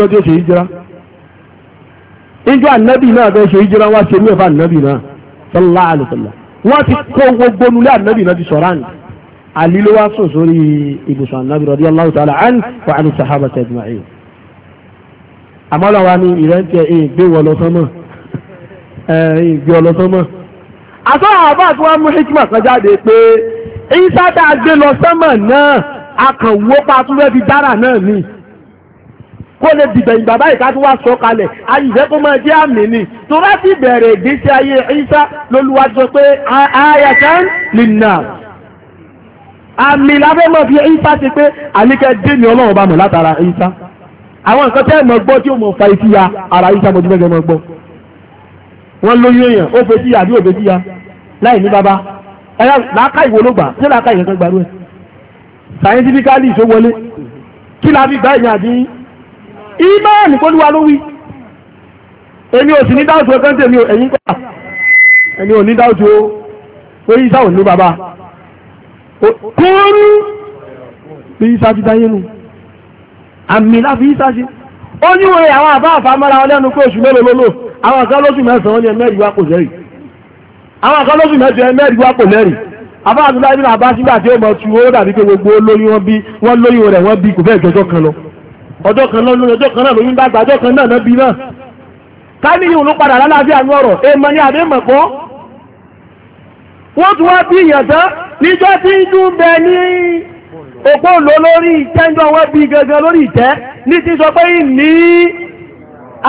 lọ. irú níjọ ànábì náà bẹ́ẹ̀ ṣe ìjọba wá ṣe wíwẹ̀ fún náà sọlá àlùfọlá wọ́n ti kó gbogbo nulẹ̀ náà ti sọ̀rọ̀ àná àlí ló sórí ibùsùn ànábì radiyallahu ta'ala an wa an sahaba na ẹ̀. àmọ́ ni ìrẹ́ntì ẹ̀ gbé wọ lọ sánmọ̀ ẹ̀ gbé wọ lọ sánmọ̀. àtọ́wọ̀ àbá mú kan jáde pé gbé lọ náà akànwó pa tó fẹ́ kó lè dìbẹ̀yìn bàbá ìka tó wá sọ kalẹ̀ ayíṣẹ́ kó máa jẹ́ àmì ni tó bá ti bẹ̀rẹ̀ ìgbésí ayé ìṣá lolúwa sọ pé ayatan linna àmì lábẹ́ mọ̀ fi ìṣá ti pé àníkẹ́ dé ní ọlọ́run bá mọ̀ látara ìṣá àwọn nǹkan tẹ́ mọ̀ gbọ́ tí ó mọ̀ fa etí ya ara ìṣá mọ̀ jùlọ mọ̀ gbọ́ wọ́n lóyún èèyàn ó fetí ya àbí ò fetí ya láì ní bàbá ẹ̀yà làákà ìwò ló gbà tí làákà ìyẹn kan gbàrú ẹ̀ scientifically ìṣó ìmáànì kó lúwa ló wí èmi ò sì ní dáùtù ọkàn tèmi ò ẹ̀yìn kọ́lá ẹni ò ní dáùtù ó pé ìsá ò ní bàbá kúrú bí ìsá ti dáyé nu àmì láfi ìsá ṣe ó níwòye àwọn àbá àfàmọ́ra ọlẹ́nu pé oṣù mélòó lólò àwọn kan lóṣù mẹ́sàn-án ní ẹmẹ́rìí wá kò lẹ́rì àwọn kan lóṣù mẹ́sàn-án ẹmẹ́rìí wá kò lẹ́rì àbá àti láìpẹ́ àbá sígbà tí ó mọ̀ tu ó dàbí pé gbogbo lóyún wọn bí wọ́n lóyún rẹ̀ wọ́n bí kò fẹ́ ìjọjọ́ kan lọ ọjọ́ kan lọ́nú ọjọ́ kan náà lóyún bá gbà ọjọ́ kan náà náà bí náà ká ní ìhùn ló padà lálàáfíà ní ọ̀rọ̀ èèmọ̀ ni àdé mọ̀ kọ́ wọ́n tún wá bí ìyàn tán níjọ́ tí ń dún bẹ ní òpó lò lórí ìtẹ́ wọ́n bí gangan lórí ìtẹ́ ní ti sọ pé ní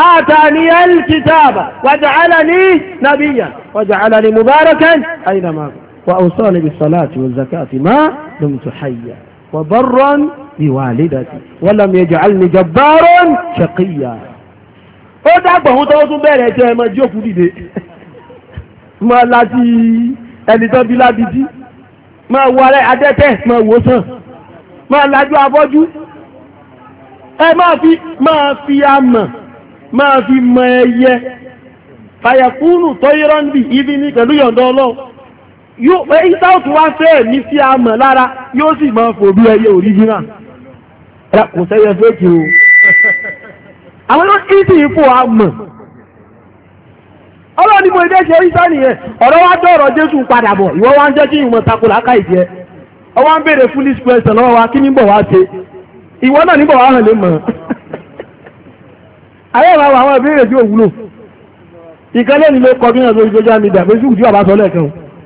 àtàní al-kitaba waja'alani nabiyya waja'alani mubarakan aynama wa awsani bis-salati waz-zakati ma dumtu hayya وبرا بوالدتي ولم يجعلني جبارا شقيا ó dàgbà ohun tó tún bẹ̀rẹ̀ ẹ̀jẹ̀ ẹ̀mọ jí òkú dìde [LAUGHS] máa láti ẹni tó bí lábìdí máa wo alẹ́ adẹ́tẹ̀ máa wò sàn máa lajú abọ́jú ẹ máa fi máa fi amọ̀ máa fi mọ ẹyẹ fàyẹ̀kúnù tó níbi ibi ní pẹ̀lú yọ̀ǹda ọlọ́run yóò pé eh, ìsáòtù wá fẹ́ ní tí a mọ̀ lára yóò sì máa fò bí ẹyẹ òríjìnà kò sẹ́yẹ fẹ́kì o àwọn yóò ìsì ìfò a mọ̀ ọlọ́ni mo ilé ṣe ìsá nìyẹn ọ̀rọ̀ wá dọ̀rọ̀ Jésù padà bọ̀ ìwọ wá ń jẹ́ kí ìwọ̀n takò láká ìjẹ́ ọwọ́ ń béèrè foolish question lọ́wọ́ wa kí ní bọ̀ wá ṣe ìwọ náà wá hàn lè mọ̀ [LAUGHS] ayé ìwà àwọn ìbéèrè tí ni bí náà lórí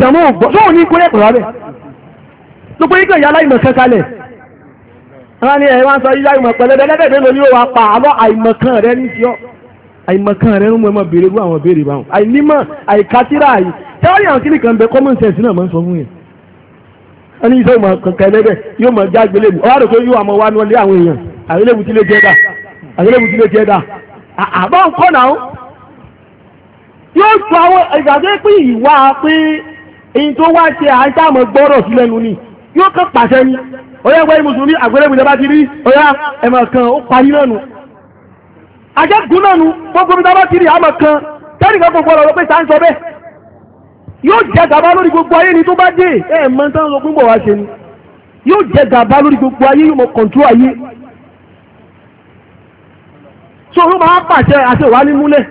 jàmọ́ ò gbọ́ ní kó lẹ́kọ̀ọ́ rárẹ̀ ló pé ìyá aláìmọ̀ kalẹ̀ wọn ni ẹ sọ yíyá ìmọ̀ pẹ̀lẹ́ lẹ́lẹ́dẹ̀ ó wàá pa àlọ́ àìmọ̀ rẹ ní ti ọ́ rẹ ń ẹmọ béèrè àwọn béèrè àìnímọ̀ àìkátírà àyè bẹ common sense náà máa ń sọ fún yẹn ní iṣẹ́ ìmọ̀ kankan yóò mọ̀ já gbélé mi ọ̀rọ̀ tó yóò wá yóò ju àwọn ìgbàgbé pé ìwà pé èyí tó wá ṣe àìsàmọ̀ gbọ́rọ̀ sí lẹ́nu ni yóò kàn pàṣẹ ni ọ̀yá ìwé mùsùlùmí àgbélébùdé bá ti rí ọ̀yá ẹ̀mọ̀ kan ó parí náà nù àjẹ́gùn náà nù gbogbo mi dábàá ti rí àmọ̀ kan tẹ́lẹ̀ kan gbogbo ọ̀rọ̀ pé sá ń sọ bẹ́ẹ̀ yóò jẹ gàba lórí gbogbo ayé ni yóò jẹ gàba ayé so yóò máa pàṣẹ àti ìwà ní múlẹ̀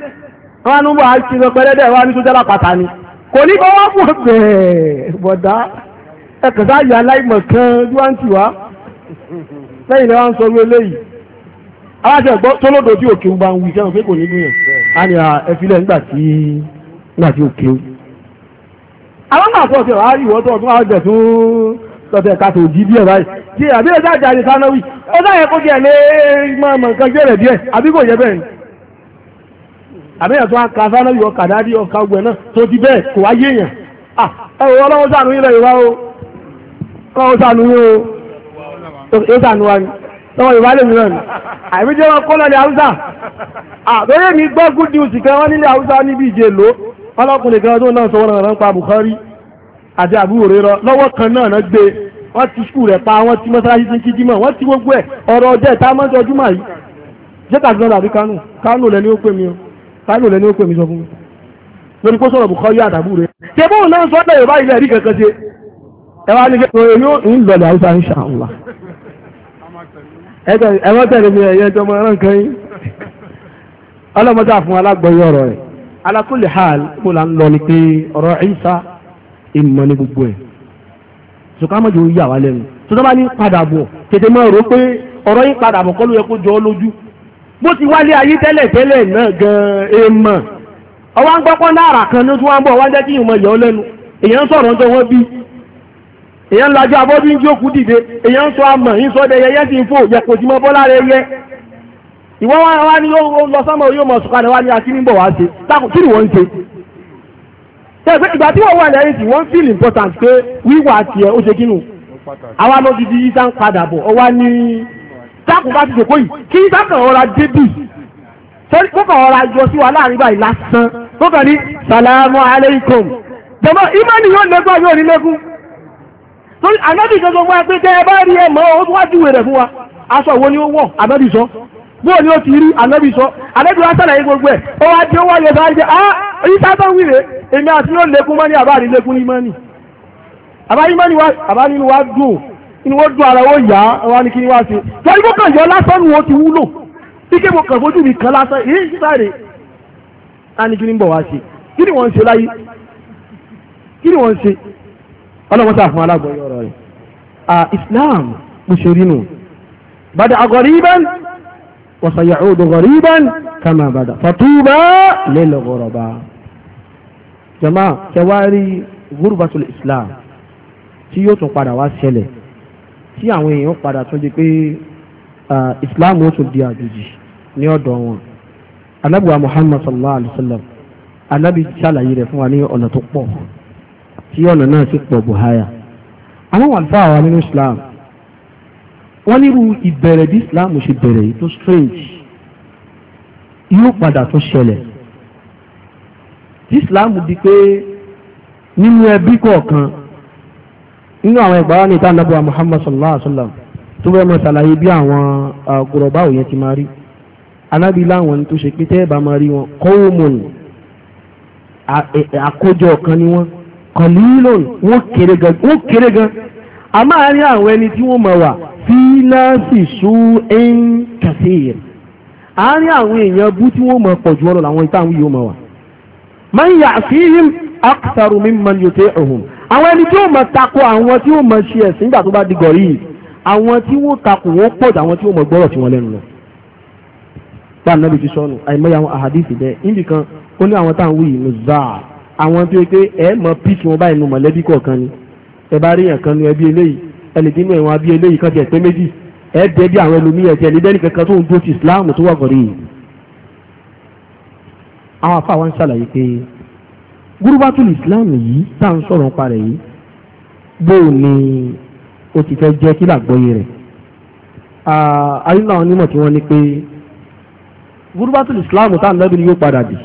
wọ́n ní wọ́n ti lọ pẹ́lẹ́dẹ̀ wọ́n ní ni kò ní kọ́ wọ́n pọ̀ bẹ́ẹ̀ bọ̀dá kan bí wọ́n ti wá lẹ́yìn náà wọ́n sọ orí eléyìí aláṣẹ ẹ̀gbọ́ tó lódò tí òkè ń bá ń wí sẹ́wọ̀n pé kò ní gbìyàn á ní ẹfilẹ̀ nígbà tí nígbà tí òkè ń. àwọn náà sọ̀tẹ̀ wá ìwọ́ tó ọ̀tún ká tó jí àbí ó kó lé nǹkan àbẹ́yàn tó wá ka sánàbí ọkà dárí ọkà ọgbẹ̀ náà tó ti bẹ́ẹ̀ kò wá yéèyàn ẹ̀rọ ọlọ́wọ́ sànú ilẹ̀ ìwá o ọlọ́wọ́ sànú yóò yóò sànú wa ni lọ́wọ́ ìwá good news kan wọ́n nílé haúsá níbi ìjẹ lò ọlọ́kùnrin kan tó náà sọ wọn rán pa Bukhari àti àbúrò rẹ lọ́wọ́ kan náà náà gbé wọ́n ti skul rẹ̀ pa wọ́n ti mọ́sálásí ti ń kí jímọ̀ wọ́n ti gbogbo ẹ̀ ọ̀rọ̀ ọjọ́ ìta mọ́jọ́ júmọ̀ yìí jẹ́ kàdúrà àbí kánò kánò lẹ́ni ó pè mí o táìlò lẹ́ni ó pè mí sọ fún mi lórí kó sọ̀rọ̀ bùkọ́ yí àdàbù rẹ̀ tẹ́bó náà sọ ọ́dọ̀ yorùbá ilẹ̀ rí kankan ṣe ẹ wá ní kẹ́kọ̀ọ́ èmi ò ń lọlẹ̀ haúsá ń ṣàǹlà ẹ wọ́n tẹ̀lé mi ẹ̀yẹ ẹjọ́ ọmọ ẹran kan yín ọlọ́mọdé àfún alágbọ̀yé ọ̀rọ̀ rẹ̀ alákùlẹ̀ hàl kó là ń lọ ni pé ọ̀rọ̀ ìsá ìmọ̀ ní gbogbo ẹ̀ sùkámọ́jọ́ yà wá lẹ́nu bó ti wálé ayé tẹ́lẹ̀ tẹ́lẹ̀ náà gan emọ̀ ọwá ń kan ní tí wọ́n ń bọ̀ jẹ́ kí ìmọ̀ yọ̀ lẹ́nu èyàn sọ̀rọ̀ tó wọ́n bí èèyàn lajú abọ́dún dìde sọ ń sọ ń fò yẹ kò sí mọ́ bọ́lá rẹ yẹ ìwọ́n wá ní ó lọ sọ́mọ̀ yóò mọ̀ wá ní wá ṣe kí ni wọ́n ṣe tẹ́gbẹ́ ìgbà tí wọ́n wà lẹ́yìn tí wọ́n feel important ó ṣe àwa ti di dákùn bá ti dòkó yìí kí dákùn ọ̀rọ̀ débì torí kókò ọ̀rọ̀ yọ sí wa láàrin báyìí lásán tó kàn ní sàlámù aleikum jọ̀mọ́ ìmánì yóò lẹ́gbọ́n yóò ní lẹ́kún gbogbo wa pé tẹ́ ẹ bá rí ẹ mọ́ ó tún fún wa aṣọ wo ni ó wọ̀ ànábì sọ bóò ni ó sọ wa sàlàyé gbogbo ó wá di a tán èmi àti yóò mọ́ ní àbá àbá wa àbá nínú wa inú wọ́n dún ara ó yá wá ní kí ni wá sí torí mo kàn yọ lásán nu wọn ti wúlò bí mo kàn fojú mi kan lásán yìí sáré á ní kí ni bọ̀ wá sí kí ni wọ́n ń ṣe láyé kí ni wọ́n ń ṣe ọlọ́mọ sáà fún alágbọ̀nyọ́ ọ̀rọ̀ rẹ̀ Islam mo ṣe rí nù bàdà àgọ̀rìbán wàsàyàcúdù gọ̀rìbán kàmá bàdà fàtúbà lẹ́lẹ̀ gọ̀rọ̀bà jama kẹwàá rí gúrùbàtúlù Islam tí àwọn èèyàn padà tún di pé islam ó tún di àjòjì ní ọ̀dọ̀ wọn anábìwá muhammad sallallahu alayhi wa sallam anábì ṣàlàyé rẹ̀ fún wa ní ọ̀nà tó pọ̀ tí ọ̀nà náà sì pọ̀ buhaya àwọn wàlúfà wa nínú islam wọ́n nírú ìbẹ̀rẹ̀ bí islam ṣe bẹ̀rẹ̀ yìí tó strange yóò padà tún ṣẹlẹ̀ tí islam di pé nínú ẹbí kọ̀ọ̀kan nínú àwọn ìgbà wọn ní ìta nàbọ̀ Muhammad sallallahu alaihi wa sallam tó fẹ́ mọ̀ ṣàlàyé bí àwọn gùrọ̀bá òye ti máa rí anábì láwọn tó ṣe pé tẹ́ ẹ̀ bá máa rí wọn qawmun àkójọ kan ni wọ́n kọ̀lílòn wọ́n kéré gan a máa rí àwọn ẹni tí wọ́n mọ̀ wà fi náà sì sú ẹ́ń kàṣíyè àárín àwọn èèyàn bú tí wọ́n mọ̀ pọ̀ jù ọ́ lọ làwọn ìtàn yìí ó mọ̀ wà àwọn ẹni tí ó mọ̀ tako àwọn tí ó mọ̀ ṣe ẹ̀sìn nígbà tó bá di gọ̀rí yìí àwọn tí wọ́n tako wọ́n pọ̀ jù àwọn tí ó mọ̀ gbọ́rọ̀ tí wọ́n lẹ́nu lọ. bá a nábì ti sọnù àìmọye àwọn àhàdìsì bẹ́ẹ̀ níbi kan ó ní àwọn táwọn wuyì ní zaa àwọn tí ó pé ẹ mọ píìsì wọn báyìí nu mọ̀lẹ́bí kọ̀ọ̀kan ni ẹ bá rí yàn kan nu ẹbí eléyìí ẹnì tí inú ẹ̀wọ̀n abí eléyìí kan ti ẹ̀pẹ́ méjì ẹ bẹ́ẹ̀ bí àwọn Islam tó wà gọ̀rí yìí. àwọn gúrúbátùlù islam yìí tá à ń sọ̀rọ̀ nípa rẹ̀ yìí bóò ni o ti fẹ́ jẹ́ kí làgbọ́yé rẹ̀ ayélujára onímọ̀ tí wọ́n ní pé gúrúbátùlù islam tá à ń lọ́bìnrin yóò padà dì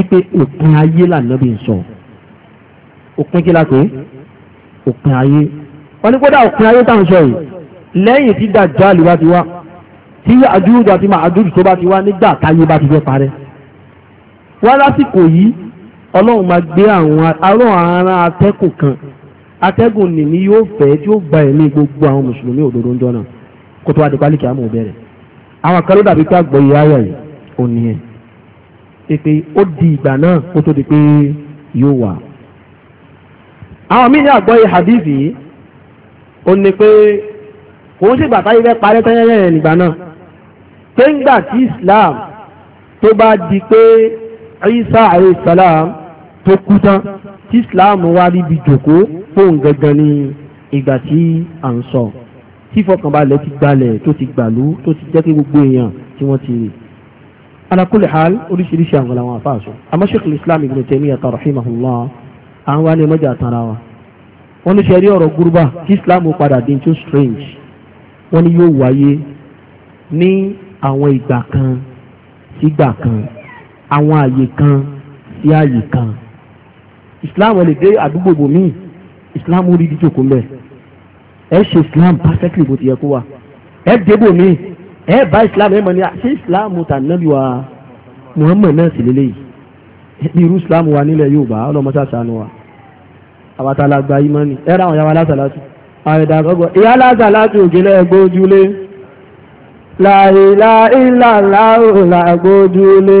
ipe òpin ayé lànàbì ń sọ òpin kí la pé òpin ayé wọ́n ní kódà òpin ayé tá à ń sọ yìí lẹ́yìn tí dàjáàlì bá ti wá tí àjúrúdà ti máa àjúrù tó bá ti wá nígbà táyé bá ti fẹ́ parẹ́ wọ́n lásìkò yìí ọlọ́run máa gbé àwọn arọ́ ara atẹ́kùn kan atẹ́gùn nìní yóò fẹ́ tí ó gba ẹ̀mí gbogbo àwọn mùsùlùmí òdodo ńjọ́ náà kó tó wá di pálíkì àmọ́ òbẹ̀rẹ̀ àwọn kan ló dàbí pé àgbọ̀ yìí ayọ̀ yìí ò ní ẹ̀ pé ó di ìgbà náà kó tó di pé yóò wà. àwọn míì ní àgbọ̀ yìí hadithi ó ní pé kò ń ṣègbà táyé fẹ́ parẹ́ tẹ́yẹ́yẹ́ nígbà náà pé ńgbà tí Islam tó bá di pé Isa alayhi salam tó kú tán tí Islam wá ríbi jòkó fóun gangan ní ìgbà tí à ń sọ tí fọkànbalẹ̀ ti gbalẹ̀ tó ti gbàlú tó ti jẹ́ kí gbogbo èèyàn tí wọ́n ti rí ala kulli hal oríṣiríṣi àwọn làwọn àfàṣọ àmọ́ Sheikh al-Islam Ibn Taymiyyah rahimahullah àwọn wa ni mọ́jà tán ra wa wọ́n ní sẹ́rí ọ̀rọ̀ gúrúbà kí Islam padà dín tó strange wọ́n ní yóò wáyé ní àwọn ìgbà kan sígbà kan àwọn àyè kan sí àyè kan islam ẹ lè dé àdúgbò bòmíì islam ó rí di jòkó mbẹ ẹ ṣe islam perfectly bó ti yẹ kó wa ẹ dé bòmíì ẹ bá islam ẹ mọ ní ṣé islam tà nàbí wa muhammed náà sì lélẹyìí bí irú islam wa nílẹ̀ Yorùbá ọlọmọṣà sànù wa àbátálá gba imani ẹ ra àwọn yàrá lásàlátù àìdá gbọgbọ ìyá lásàlátù ògèlè ẹgbójúlé láìláìlà láòlà ẹgbójúlé.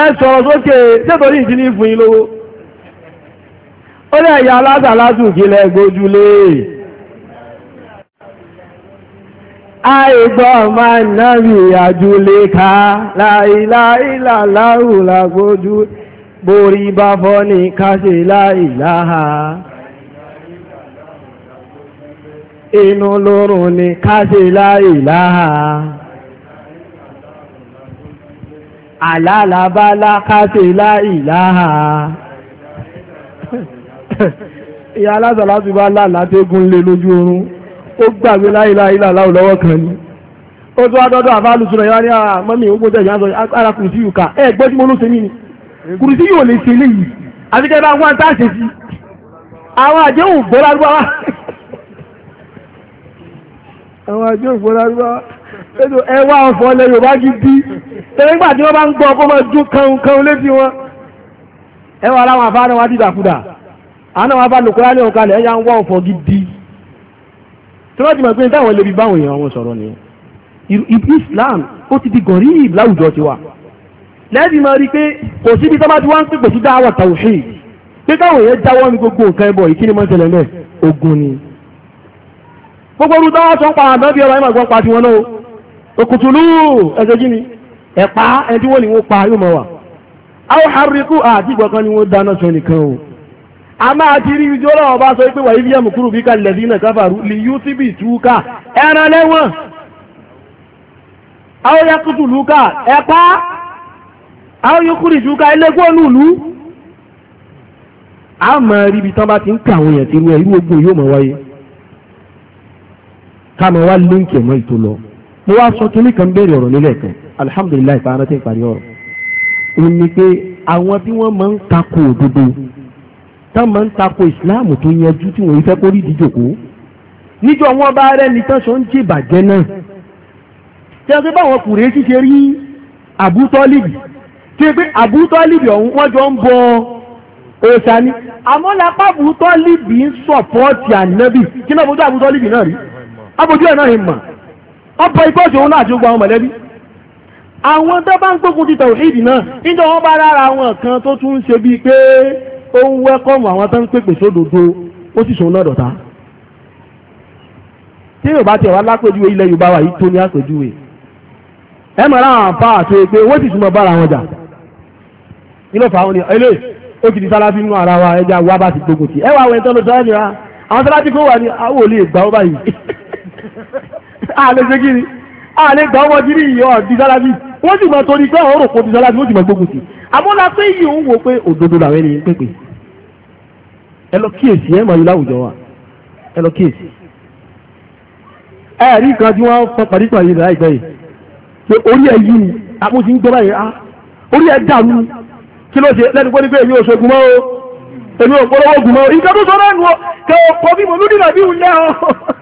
ẹ sọ̀rọ̀ sókè sétorí ìdí ní fún yín lówó ó lè ya alásàlásù kí lẹ gbójúlé àìgbọ́ máa náà rí àjúlé ká láìláìlà láhùlà gbójú borí bá fọ́ ní káṣe láìláha inú lórùn ní káṣe láìláha àlàlàbálá kásẹ̀ láìláha ìyá alásàlá ti bá lálàtégún lé lójú oorun ó gbàgbé láìláìlá láwùlọ́wọ́ kan ni ó tó adọ́dọ́ àfáàlùsùn náà yára ní àmọ́mí ogún tẹ̀sán sọ ara kùrùsí yìí ká ẹ gbọ́ tí mo ló ṣe mí ni kùrùsí yìí ò lè ṣe léyìí àti kẹ́ bá ń wá ń táṣe sí àwọn àdéhùn gbọ́ lárúbáwá àwọn àdéhùn gbọ́ lárúbáwá ètò ẹwà ọ̀fọ̀ ilẹ̀ Yorùbá gidi tẹ́lẹ̀ nígbà tí wọ́n bá ń gbọ́ ọkọ́ máa dún kanun kanun létí wọn ẹwà aláwọn afá náà wá dìdàkudà àná wọn bá lòkúrá ní òǹkà lẹ̀ ẹ̀yà ń wá ọ̀fọ̀ gidi tí wọ́n ti mọ̀ pé táwọn lè fi báwọn èèyàn wọn sọ̀rọ̀ nìyẹn Islam ó ti di gọ̀rí láwùjọ tiwa lẹ́ẹ̀dì máa rí i pé kò síbi tó bá ti wá ń pèpè sí dáwọ̀ tàwùsí pé káwọn èèyàn jáwọ́ ní gbogbo nǹkan ẹbọ yìí kí ni máa ń náà ogun ni. gbogbo orúkọ wọn sọ ń pa àbẹ́bí ọ̀rọ̀ ẹ̀ òkùtùlù ẹ̀sẹ̀ gíní ẹ̀pá ẹ̀dí wọ́n ni wọ́n pa yóò máa a áwọ̀ haríkú ni wọ́n dáná sọ nìkan o a máa ti rí ibi ọlọ́wọ́ bá sọ pé wà ibi yẹn mùkúrú bí ká lẹ̀dí náà káfàrú lè yú síbi ìtúkà ẹran lẹ́wọ̀n yẹ kùtùlù ká ẹ̀pá yẹ ẹlẹ́gbọ́n a ti ń kà àwọn èèyàn ti rú ẹ irú ogun yóò wáyé ká mo wá sọ kíní kan béèrè ọ̀rọ̀ nílẹ̀ kan alihamudulilayi fara ti parí ọ̀rọ̀ òun ni pé àwọn tí wọ́n máa ń takò òdodo tán máa ń takò ìsìláàmù tó yanjú tí wọ́n fẹ́ kó rí ìdíjòkó níjọ wọn bá rẹ ní tán sọ ń jẹ ìbàjẹ́ náà tí a ti bá wọn kùrẹ́ ṣíṣe rí àbútọ́lìbì tí pé àbútọ́lìbì ọ̀hún wọ́n jọ ń bọ òòṣà ni àmọ́ lápá àbútọ́lìbì ń sọ̀pọ̀ọ̀tì ànábì kí náà bójú àbútọ́lìbì náà rí abójú ẹ̀ náà ń mọ̀ ọ̀pọ̀ ìgbọ́jù òun náà jógbà àwọn mọ̀lẹ́bí àwọn tó bá ń gbógun ti tàwíìdì náà níjọ wọn bá rárá àwọn kan tó tún ń ṣe bíi pé ó ń wẹ́kọ̀mù àwọn tó ń pèpè sódodo ó sì sòun náà dọ̀tá tí yóò bá tiẹ̀ wá lápèjúwe ilẹ̀ Yorùbá wa yìí tó ní àpèjúwe ẹ mọ̀ láwọn àǹfà àti pé wọ́n sì súnmọ́ bára wọn jà nílò fáwọn ni ẹlẹ́ ó kìí sálábí nínú ara wa ẹja wa bá ti gbógun ti ẹ wà wẹ̀ ń tọ́ lọ sọ́ọ́ ni àwọn sálábí kó wà ní àwọn ò lè gbà ó báyìí àlè ṣe kíni àlè gbà ọmọ jírí ìyọ àti sálábì wọ́n sì máa torí pé àwọn òrò kò ti sálábì wọ́n sì máa gbógun sí àmọ́lá pé yìí ń wò pé òdodo làwọn ẹni pépè ẹ lọ kíyèsí ẹ máa yọ láwùjọ wa ẹ lọ kíyèsí ẹ̀rí kan tí wọ́n fọ pàdé pàdé ìlà ìgbẹ́ yìí pé orí ẹ̀ yìí ni àpótí ń gbọ́ báyìí á orí ẹ̀ dàrú kí ló ṣe lẹ́nu pẹ́ni pé èmi ò ṣogun mọ́ o èmi ò polówó ogun mọ́ o ìkẹ́ náà nù ọ kẹ́ ọ kọ́ lódì nàbí ìwúlẹ̀ ọ. [LAUGHS]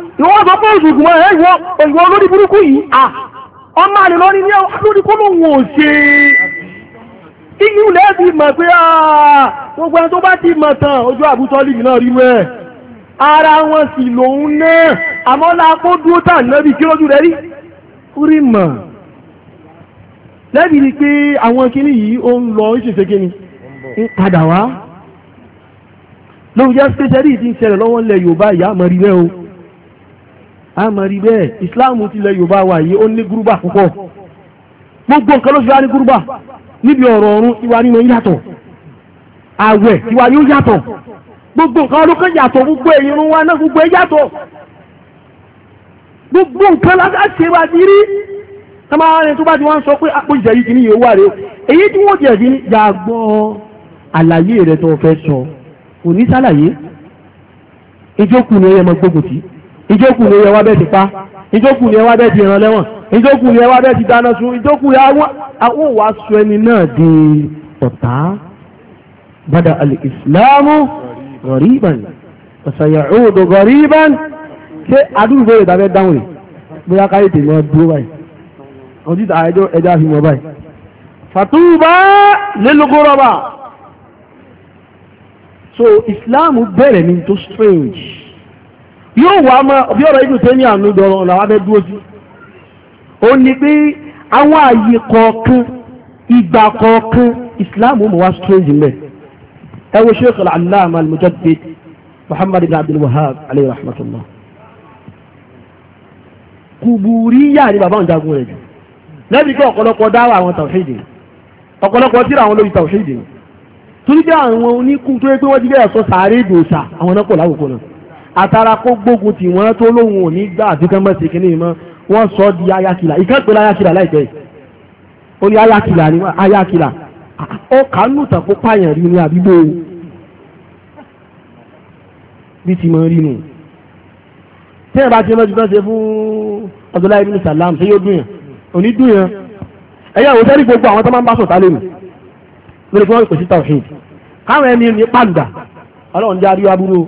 ìwọ́n sọ pé ìṣùgbùn ẹ̀ ìwọ ìwọ lórí burúkú yìí à ọmọ àlè lórí ní lórí kó lóun ṣe iyú lẹ́ẹ̀bí mọ̀ pé gbogbo ẹni tó bá ti mọ̀ tán jẹ́ spéṣẹ́lì ti ń ṣẹlẹ̀ lọ́wọ́ ńlẹ̀ ìyá àmọ́ rí rẹ̀ o. àmàrí bẹ́ẹ̀ ìsìláàmù tilẹ̀ yorùbá wa yìí ó ní gúrúbà púpọ̀ gbogbo nǹkan ló fi wá ní gúrúbà níbi ọ̀rọ̀ ọ̀run tiwa nínú yàtọ̀ àwẹ̀ tiwa yóò yàtọ̀ gbogbo nǹkan ló yàtọ̀ gbogbo ìrun wa náà gbogbo ẹ̀ yàtọ̀ gbogbo nǹkan láti wá ti rí tọ́mọ́rin tó bá ti wá ń sọ pé àpò ah, ìjẹ̀yí kìíní yóò rẹ̀ èyí tí wọ́n jẹ̀ sí yàgbọ́ sọ ni ìjókù ni ẹwà bẹ́ẹ̀ ti pa ìjókù ni ẹwà bẹ́ẹ̀ ti ràn lẹ́wọ̀n ìjókù ni ẹwà bẹ́ẹ̀ ti dáná sun ìjókù ni àwọn wà sọ ẹni náà di ọ̀tá bada al-islamu gọ̀ríban ọ̀sàyàhóòdò gọ̀ríban ṣé àdúgbò rẹ̀ tàbí dáhùn rẹ̀ bóyá káyé tèmi wọn dúró báyìí àwọn títà ẹjọ́ ẹjọ́ àfi báyìí fàtúbà lélógórọ́bà so islam bẹ̀rẹ̀ ní tó strange yóò wá ma bí ọ̀rọ̀ ibùdó tẹ́ ní ànúdọ̀rọ̀ làwọn abẹ́ dúró sí ó ní pé àwọn àyè kọ̀ọ̀kan ìgbà kọ̀ọ̀kan ìsìláàmù mọ̀ wá strange mẹ́ ẹ wo muhammad ibn abdul wahab alayhi ni bàbá òǹjagun rẹ̀ jù lẹ́bi kí ọ̀pọ̀lọpọ̀ dáwà àwọn tàwíìdì ọ̀pọ̀lọpọ̀ tíra àwọn lórí tàwíìdì torí pé àwọn oníkùn tó yẹ pé wọ́n ti bẹ́ẹ̀ sọ sàárè àtàrà kó gbógun tì wọ́n tó lóhun òní gbà àti kánmọ́sì kìíní mọ́ wọ́n sọ di ayakila ìkẹ́pẹ́ láyakila láìpẹ́ ó ní ayakila ni wọ́n ayakila ó kánú tàn kó pààyàn rí ní àdúgbò bí ti mọ́ rí nù tí ẹ̀ bá ti mọ́ ju tán ṣe fún Abdullahi ibn Salam ṣé yóò dùn yàn òní dùn yàn ẹ̀yà òun sẹ́rí gbogbo àwọn tó máa ń bá sọ̀tá lónìí lórí fún ọ̀pẹ̀ sí tàwọn ṣe káwọn ẹni ní pàlùdà ọlọ́run jẹ́ àríwá búrú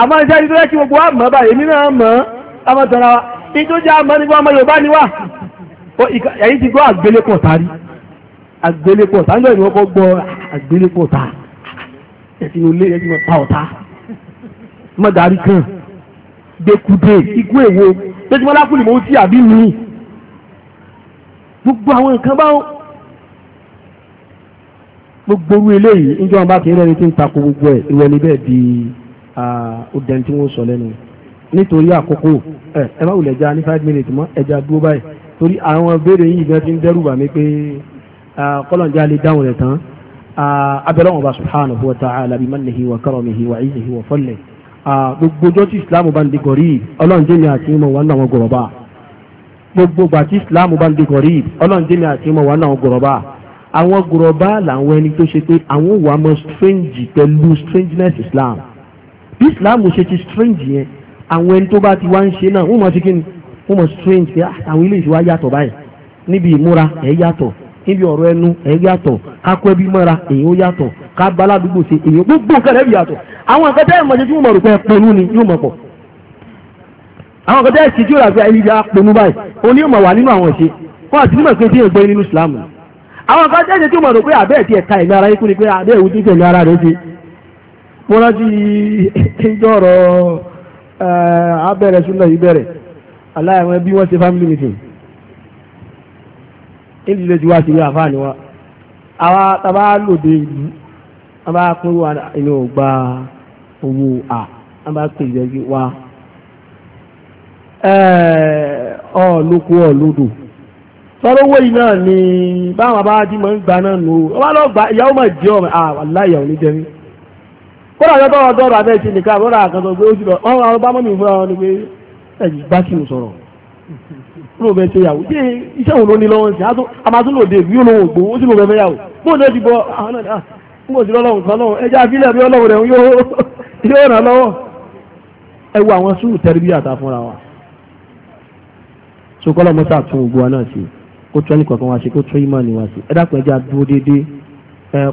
àmọ́ iṣẹ́ ìjọ yẹ kí gbogbo wa mọ̀ báyìí èmi náà mọ̀ ọmọ tọ̀ra wa ìjọ jẹ́ àmọ́ nígbà ọmọ Yorùbá ni wà ti gbọ́ àgbélépọ̀ tari àgbélépọ̀ tari lọ́yìn wọ́n kọ́ gbọ́ àgbélépọ̀ ta ẹ̀sìn olé ẹ̀sìn pa ọ̀tá mọ̀ darí kan dekude ikú èwo tẹ́tìmọ́lá kùnì mọ́ tí àbí mi gbogbo àwọn nǹkan báwọn gbogbo orú eléyìí níjọ́ wọn bá kí ń rẹ́ni tí ń takò gbogbo ẹ̀ ìwẹ̀ níbẹ̀ bíi ó dẹni tí wọ́n sọ lẹ́nu nítorí àkókò ẹ ẹ má wulẹ̀ já ní five minutes mọ́ ẹja dúró báyìí torí àwọn béèrè yìí gan ti ń dẹ́rù bà mí pé kọ́lọ̀njá lè dáhùn rẹ̀ tán abẹ́rẹ́ wọn bá subhanahu wa ta'ala bi mannihi wa karamihi wa izzihi wa fadlihi gbogbo ọjọ́ tí islam bá ń di gọ̀rí ọlọ́njẹ́ mi àti ìmọ̀ wà náà wọn gọ̀rọ̀ bá gbogbo ìgbà tí islam bá ń di gọ̀rí ọlọ́njẹ́ mi àti ìmọ̀ wà náà wọn gọ̀rọ̀ bá àwọn gọ̀rọ̀ strange pẹ̀lú islam bí ìsìláàmù ṣe ti strange yẹn àwọn ẹni tó bá ti wá ń ṣe náà wọ́n mọ̀ sí kí ni wọ́n mọ̀ strange pé ah, àwọn ilé ìṣúwá yàtọ̀ báyìí níbi ìmúra ẹ̀ yàtọ̀ níbi ọ̀rọ̀ ẹnu ẹ̀ yàtọ̀ kákọ́ ẹbí mọ́ra èyí ó yàtọ̀ ká bá aládùúgbò ṣe èyí gbogbo nǹkan ẹ̀ yàtọ̀ àwọn nǹkan tẹ́ ẹ̀ mọ̀ ṣe tí wọ́n mọ̀ rò pé ẹ pẹ̀lú ni yóò mọ̀ pọ̀ àwọn nǹkan tẹ́ ẹ̀ ṣe tí ó rà pé ẹni bí a pẹ̀lú báyìí òní yóò mọ̀ wà nínú àwọn ìṣe wọn àti nímọ̀ pé tí èèyàn gbọ́ nínú Islam àwọn nǹkan tẹ́ ẹ̀ ṣe tí ó mọ̀ rò pé àbẹ́ẹ̀ tí ẹ̀ka ẹ̀mí ara yín kú ni pé àbẹ́ẹ̀ wo tí ń tẹ̀lé ara rẹ̀ ṣe mo rántí ọ̀rọ̀ abẹ́rẹ́ súnlẹ̀ yìí bẹ̀rẹ̀ aláìwọ̀n bí wọ́n ṣe family meeting ìlú lè wá sí wa àwa tàbá lòdì a bá pín wa inú ọgbà owó à a pè yìí náà ni báwọn ń gbà náà nù ọba lọ́ọ́ gbà ìyàwó jẹ́ kódà ọjọ́ tọrọ dọ́rọ̀ abẹ́ ti nìkan àbúrò àkàtọ̀ gbé ojú lọ ọ̀rọ̀ bá mọ́mí fúnra wọn ni pé ẹ̀jì bá kí n sọ̀rọ̀ ló bẹ ṣe yàwó ṣé iṣẹ́ òun ló ní lọ́wọ́ sí amátúlòdè bí olóhùn ògbó ó ló bẹ fẹ́ yàwó bóun ló ti bọ àwọn náà mo sì lọ́lọ́run kan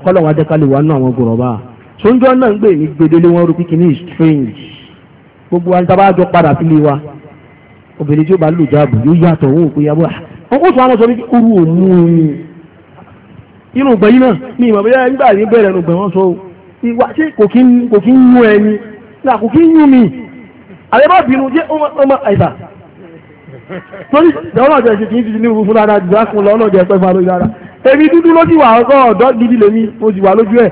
lọ́wọ́ ẹ wa sí sóńjọ́ náà ń gbè ní gbedele wọn ro kíkiní strange gbogbo wa padà sílé wa obìnrin tí ó bá lò jáàbù yóò yàtọ̀ òun òpin yàbọ̀ àwọn sọ oru òmu ni inú ìgbà yìí náà ni ìmọ̀ bóyá nígbà ní bẹ̀rẹ̀ ní wọn sọ ìwà ṣé kò kí ń yún ẹni náà mi àyẹ̀bá bínú jẹ́ ọmọ àìsà torí ìdáwọ́n àjọ ní lọ́nà fún alójú èmi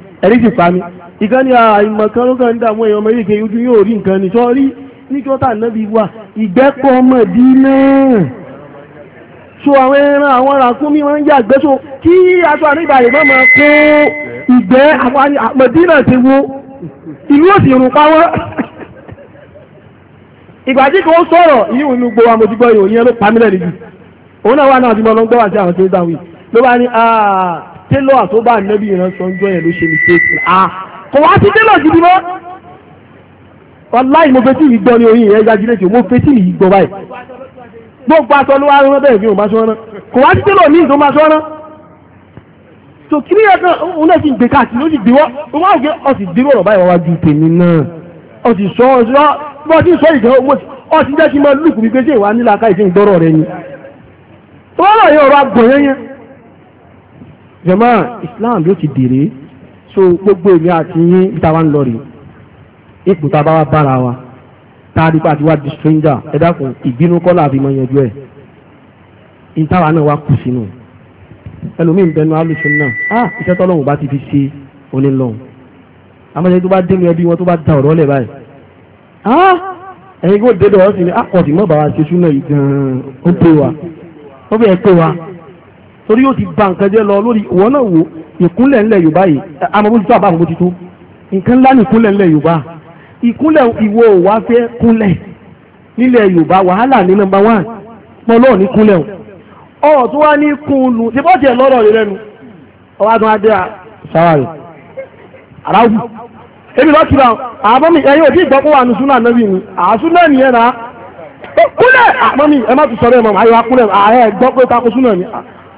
ẹ̀rí sì pa mi ìkan ní àìmọ̀ ah, kan ló kàn ń dààmú èèyàn ọmọ yìí kì ojú yóò rí nǹkan ni rí níjọ́ tà wà ìgbẹ́pọ̀ ọmọdé náà so àwọn ẹran àwọn ràkúnmí wọn ń yàgbẹ́ so kí aṣọ àríbà yìí máa kó ìgbẹ́ náà ti wo ìlú òsì rùn ìgbà tí kò sọ̀rọ̀ ìròyìn ẹ ló pa òun náà wà náà ti mọ́ télọ̀ àtọ́bà nẹ́bí ìránṣọ ń jọ yẹn ló ṣe mistake à kò wá sí télọ̀ gidi mọ́ wàláì mo fetí yìí gbọ́ ní orí yẹn exaggerate mo fetí yìí gbọ́ báyìí gbogbo aṣọ ló wá rán bẹ́ẹ̀ bí òun bá ṣọ́ rán kò wá sí télọ̀ míì tó máa ṣọ́ rán so kiri yẹn kan òun náà ti gbé káàkiri ó sì gbé wọ́ òun wá gbé ọ̀sì gbé wọ̀rọ̀ báyìí wá ju tèmi náà ọ̀sì sọ sọ bọ́ ti sọ ìgbà owó ọ̀sì jẹ́ kí n máa lùkù wípé ṣé ìwà nílà ká ìṣe rẹ ni. wọ́n lọ yẹ ọ̀rọ̀ àgbọ̀n jama islam yóò ti dèrè so gbogbo èmi àti yín bí táwa ń lọ rè ipò tá a bá wá bára wa tá a rí pa àti di stranger ẹ dákun ìbínú kọ́lá àfi máa yanjú ẹ̀ ní táwa náà wá kù sínú ẹlòmíín bẹnu alùsùn náà ah iṣẹ́ tọ́lọ́hùn bá ti fi ṣe onílọ́hùn amọ̀jẹ́ tó bá dé mi ẹbí wọn tó bá da ọ̀rọ̀ lẹ̀ báyìí ah ẹ̀yin kò dé dọ̀ ọ́ sí ni akọ̀tì ah, mọ́ bàbá ṣe súná yìí gan-an ó pè wá ó bẹ̀ ẹ́ pè wá. torí yóò ti ba nǹkan jẹ lọ lórí ìwọ náà wo ìkúnlẹ̀ ńlẹ̀ yorùbá yìí amọ̀bójútó àbá àmọ̀bójútó nǹkan ńlá ní ìkúnlẹ̀ ńlẹ̀ yorùbá ìkúnlẹ̀ ìwọ wá fẹ́ kúnlẹ̀ nílẹ̀ yorùbá wàhálà ní wán ní kúnlẹ̀ o tó wá ní ṣe bọ́ọ̀tì ẹ̀ lọ́rọ̀ rẹ lẹ́nu aráwù ebi ẹ̀yin ìgbọ́kọ̀ wà ní súnà nàbì àsúnà kúnlẹ̀ má tún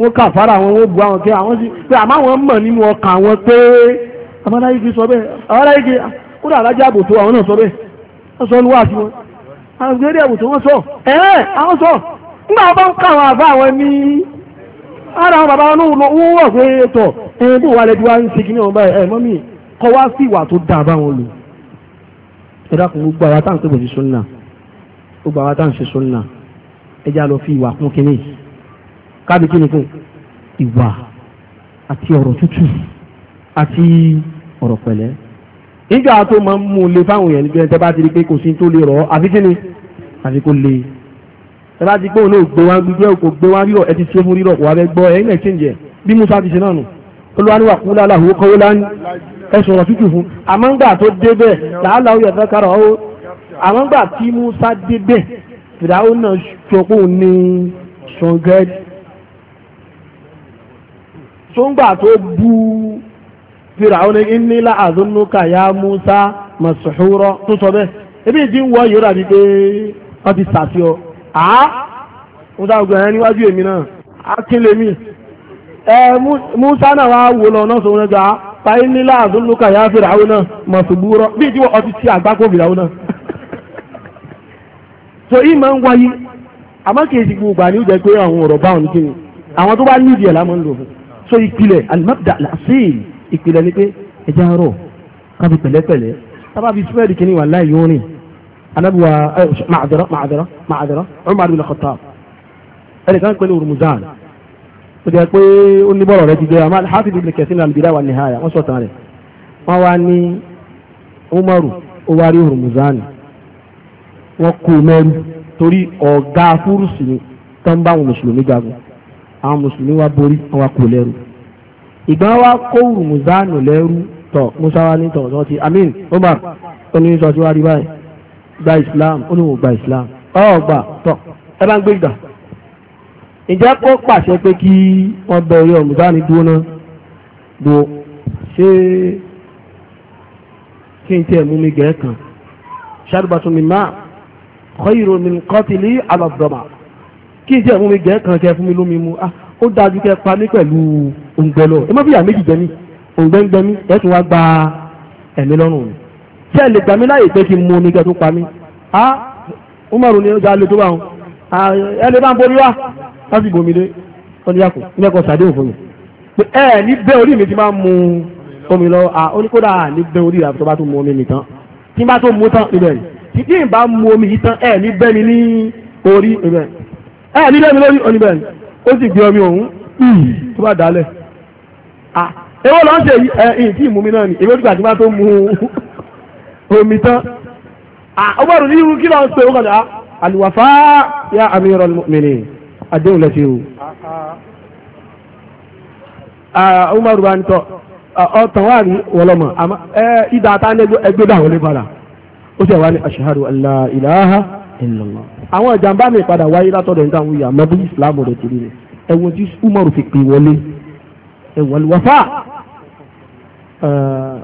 wọ́n kà fara àwọn wọ́n bu àwọn kí àwọn sí pé àmọ́ àwọn mọ̀ nínú ọkàn àwọn pé àmọ́láyé fi sọ bẹ́ẹ̀ àmọ́láyé fi kódà alájà àbòtó àwọn náà sọ bẹ́ẹ̀ wọ́n sọ níwá sí wọn àwọn ìgbéléde àbòtó wọ́n sọ ẹ̀ẹ́ àwọn sọ nígbà bá ń kà àwọn àbá àwọn ní ara àwọn bàbá wọn ló wọ́n wọ̀ pé tọ̀ ẹ̀ẹ́n bò wà lẹ́bi wá ń ṣe kí ní ọ̀n báyìí ẹ̀ mọ́mí kọ́ wá sí ìwà tó dáa báwọn lò ẹ dákun gbogbo àwa táà ń pè bò sí sunna gbogbo àwa táà ń ṣe sunna ẹ já lọ fi ìwà kún kínní yìí kábi kí ni fún ìwà àti ọ̀rọ̀ tútù àti ọ̀rọ̀ pẹ̀lẹ́ nígbà tó máa ń mú un le fáwọn èèyàn níbi ẹni tẹ́ bá ti rí pé kò sí tó lè rọ̀ àfi kí ni àfi kó le tẹ́ bá ti pé òun náà gbé wá gbígbé òkò gbé wá rírọ̀ ẹ ti ṣe fún rírọ̀ kò wá fẹ́ gbọ́ ẹ̀yìn exchange ẹ̀ bí Musa ti ṣe náà nù olùwàníwà ni aláhùn kọ́wó láń ẹ sọ̀rọ̀ tútù fún àmọ́ ńgbà tó débẹ̀ làálàá ó yẹ fẹ́ kára ó àmọ́ ńgbà tó ń gbà tó bú Fíráúnà inni ya Musa mas'hura tó sọ bẹ́ẹ̀ ebi ìdí ń wọ yóò ọ pé o. Musa gbọ̀n yẹn emi èmi haa á kí lèmi Musa na wa wò lọ náà sọ̀rọ̀ na á fa inni ya Fíráúnà mas'hura bí ìdí wọ́n ti ti àgbákò Fíráúnà [LAUGHS] so so ìpìlẹ̀ alimabda làásìn ìpìlẹ̀ ni pé ẹja rọ̀ kábi pẹ̀lẹ́pẹ̀lẹ́ tábà fi spread kìíní wà láì yóò rìn anabiwa maadara maadara maadara Umar bin Khattab ẹnì kan pẹ̀lú Urmuzan ó jẹ́ pé ó ní bọ́ọ̀rọ̀ rẹ ti jẹ́ àmọ́ Hafiz ibn Kathir al-Bidaya wa an-Nihaya wọ́n sọ̀tàn rẹ̀ wọ́n wá ní Umaru ó wá rí Urmuzan wọ́n kó mẹ́rù torí ọ̀gá fúrúsì ni tó ń bá àwọn mùsùlùmí jagun àwọn mùsùlùmí wa borí wa kò lẹ́rù ìgbà wa kó rùmùzánù lẹ́rù tọ̀ musa wa ní tọ̀tọ̀ ti amin umar ó ní sọ síwájú báyìí gba islam ó ní wò gba islam ọ̀ gbà tọ̀ ẹ bá ń gbé ìgbà ìjẹ́ kó pàṣẹ pé kí wọ́n bẹ orí rùmùzánù dúró náà dúró ṣé kí n tiẹ̀ mú mi gẹ̀ẹ́ kan ṣàdùbàtúmí máa khayrun min qatli ala dhama kí n jẹ́ ìmú mi gẹ̀ẹ́ kan kẹ fún mi lómi mu ah ó dájú kẹ pa mí pẹ̀lú òǹgbẹ lọ ẹ má bí ìyá méjì jẹ mí òǹgbẹ ń gbẹ mí ẹ tún wá gba ẹ̀mí lọ́rùn mi ṣé ẹ lè gbà mí láyè pé kí n mu omi kẹ tó pa mí ah ó má ronú ọjà lè tó bá wọn ah, ẹ lè bá ń borí wá láti bomi dé ó ní yàkó ní mi pé ẹ ní bẹ́ orí mi ti máa ń mu omi lọ ah ó ní kódà ní bẹ́ orí rà tó bá tó mu omi mi tán tí n bá tó mu tán ibẹ̀ tí n bá mu omi yìí tán ẹ ní bẹ́ mi ní orí ibẹ̀ ẹ ah, ní lẹ́mi lórí oníbẹ̀ ó sì gbé omi òun hmm. tó bá dálẹ̀ ewé ah, lọ́n ṣe ẹ eh, ìyìn tí ìmú mi náà ni ewé dùgbà tí wọ́n tó mu omi tán ó ah, gbọ́dọ̀ ní irú kí lọ́n pe ó kàn á àlùwàfá yá amiral mu'minin àdéhùn lẹ́sẹ̀ o. Umaru bá ń tọ́ ọ̀tàn wà ní wọlọ́mọ̀ eh, ìdá àtàn ẹgbẹ́ dà wọlé padà ó sì wà ní ashhadu an la àwọn ìjàmbá mi padà wáyé látọ̀dọ̀ nǹkan àwọn ìyàmọ́ bí islam rẹ̀ torí rẹ̀ ẹ̀wọ̀n tí umaru fi pè wọlé ẹ̀wọ̀n wàfà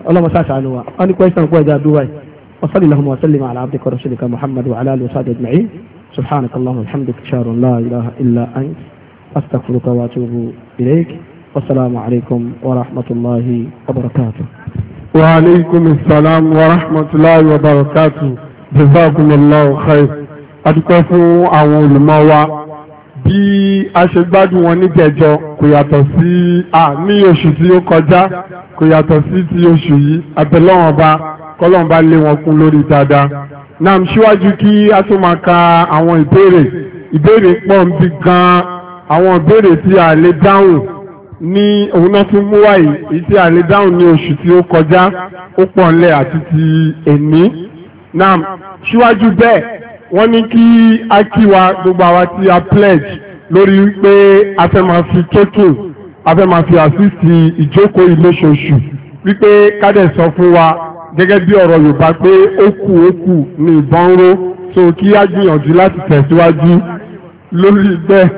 ọlọ́mọṣá ṣàánú wa wọ́n ní question kó ẹja dúwáì وصلي اللهم وسلم على عبدك ورسولك محمد وعلى اله وصحبه اجمعين سبحانك اللهم وبحمدك اشهد ان لا اله الا انت استغفرك واتوب اليك والسلام عليكم ورحمه الله وبركاته وعليكم السلام ورحمه الله وبركاته جزاكم الله خير adúpẹ́ fún àwọn olùmọ̀ wa bí a ṣe gbádùn wọn ní jẹjọ kò yàtọ̀ sí à ní oṣù tí ó kọjá kò yàtọ̀ sí ti oṣù yìí àbẹ̀lọ́wọ̀n ọba kọ́lọ́n bá lé wọn kún lórí dáadáa náà síwájú kí a tó máa ka àwọn ìbéèrè ìbéèrè pọ̀ ń bí gan-an àwọn ìbéèrè tí a lè dáhùn ní òun náà tún mú wáyé èyí tí a lè dáhùn ní oṣù tí ó kọjá ó pọ̀ ńlẹ̀ àti ti èní náà síwájú bẹ́ẹ̀ wọ́n ní kí a kí wa gbogbo àwa tí a pledge lórí wípé a fẹ́ máa fi tótò a fẹ́ máa fi àṣìṣì ìjókòó ìlóṣooṣù wípé kádẹ̀ sọ fún wa gẹ́gẹ́ bí ọ̀rọ̀ Yorùbá pé ó kù ó kù ní ìbọn ró so kí a gbìyànjú láti tẹ̀síwájú lórí bẹ́ẹ̀.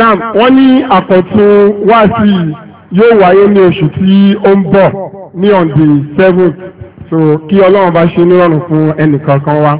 Now wọ́n ní àkọ́tún wáàsí yóò wáyé ní oṣù tí ó ń bọ̀ ní on the so kí Ọlọ́run bá ṣe nírọ̀rùn fún ẹnìkankan wa.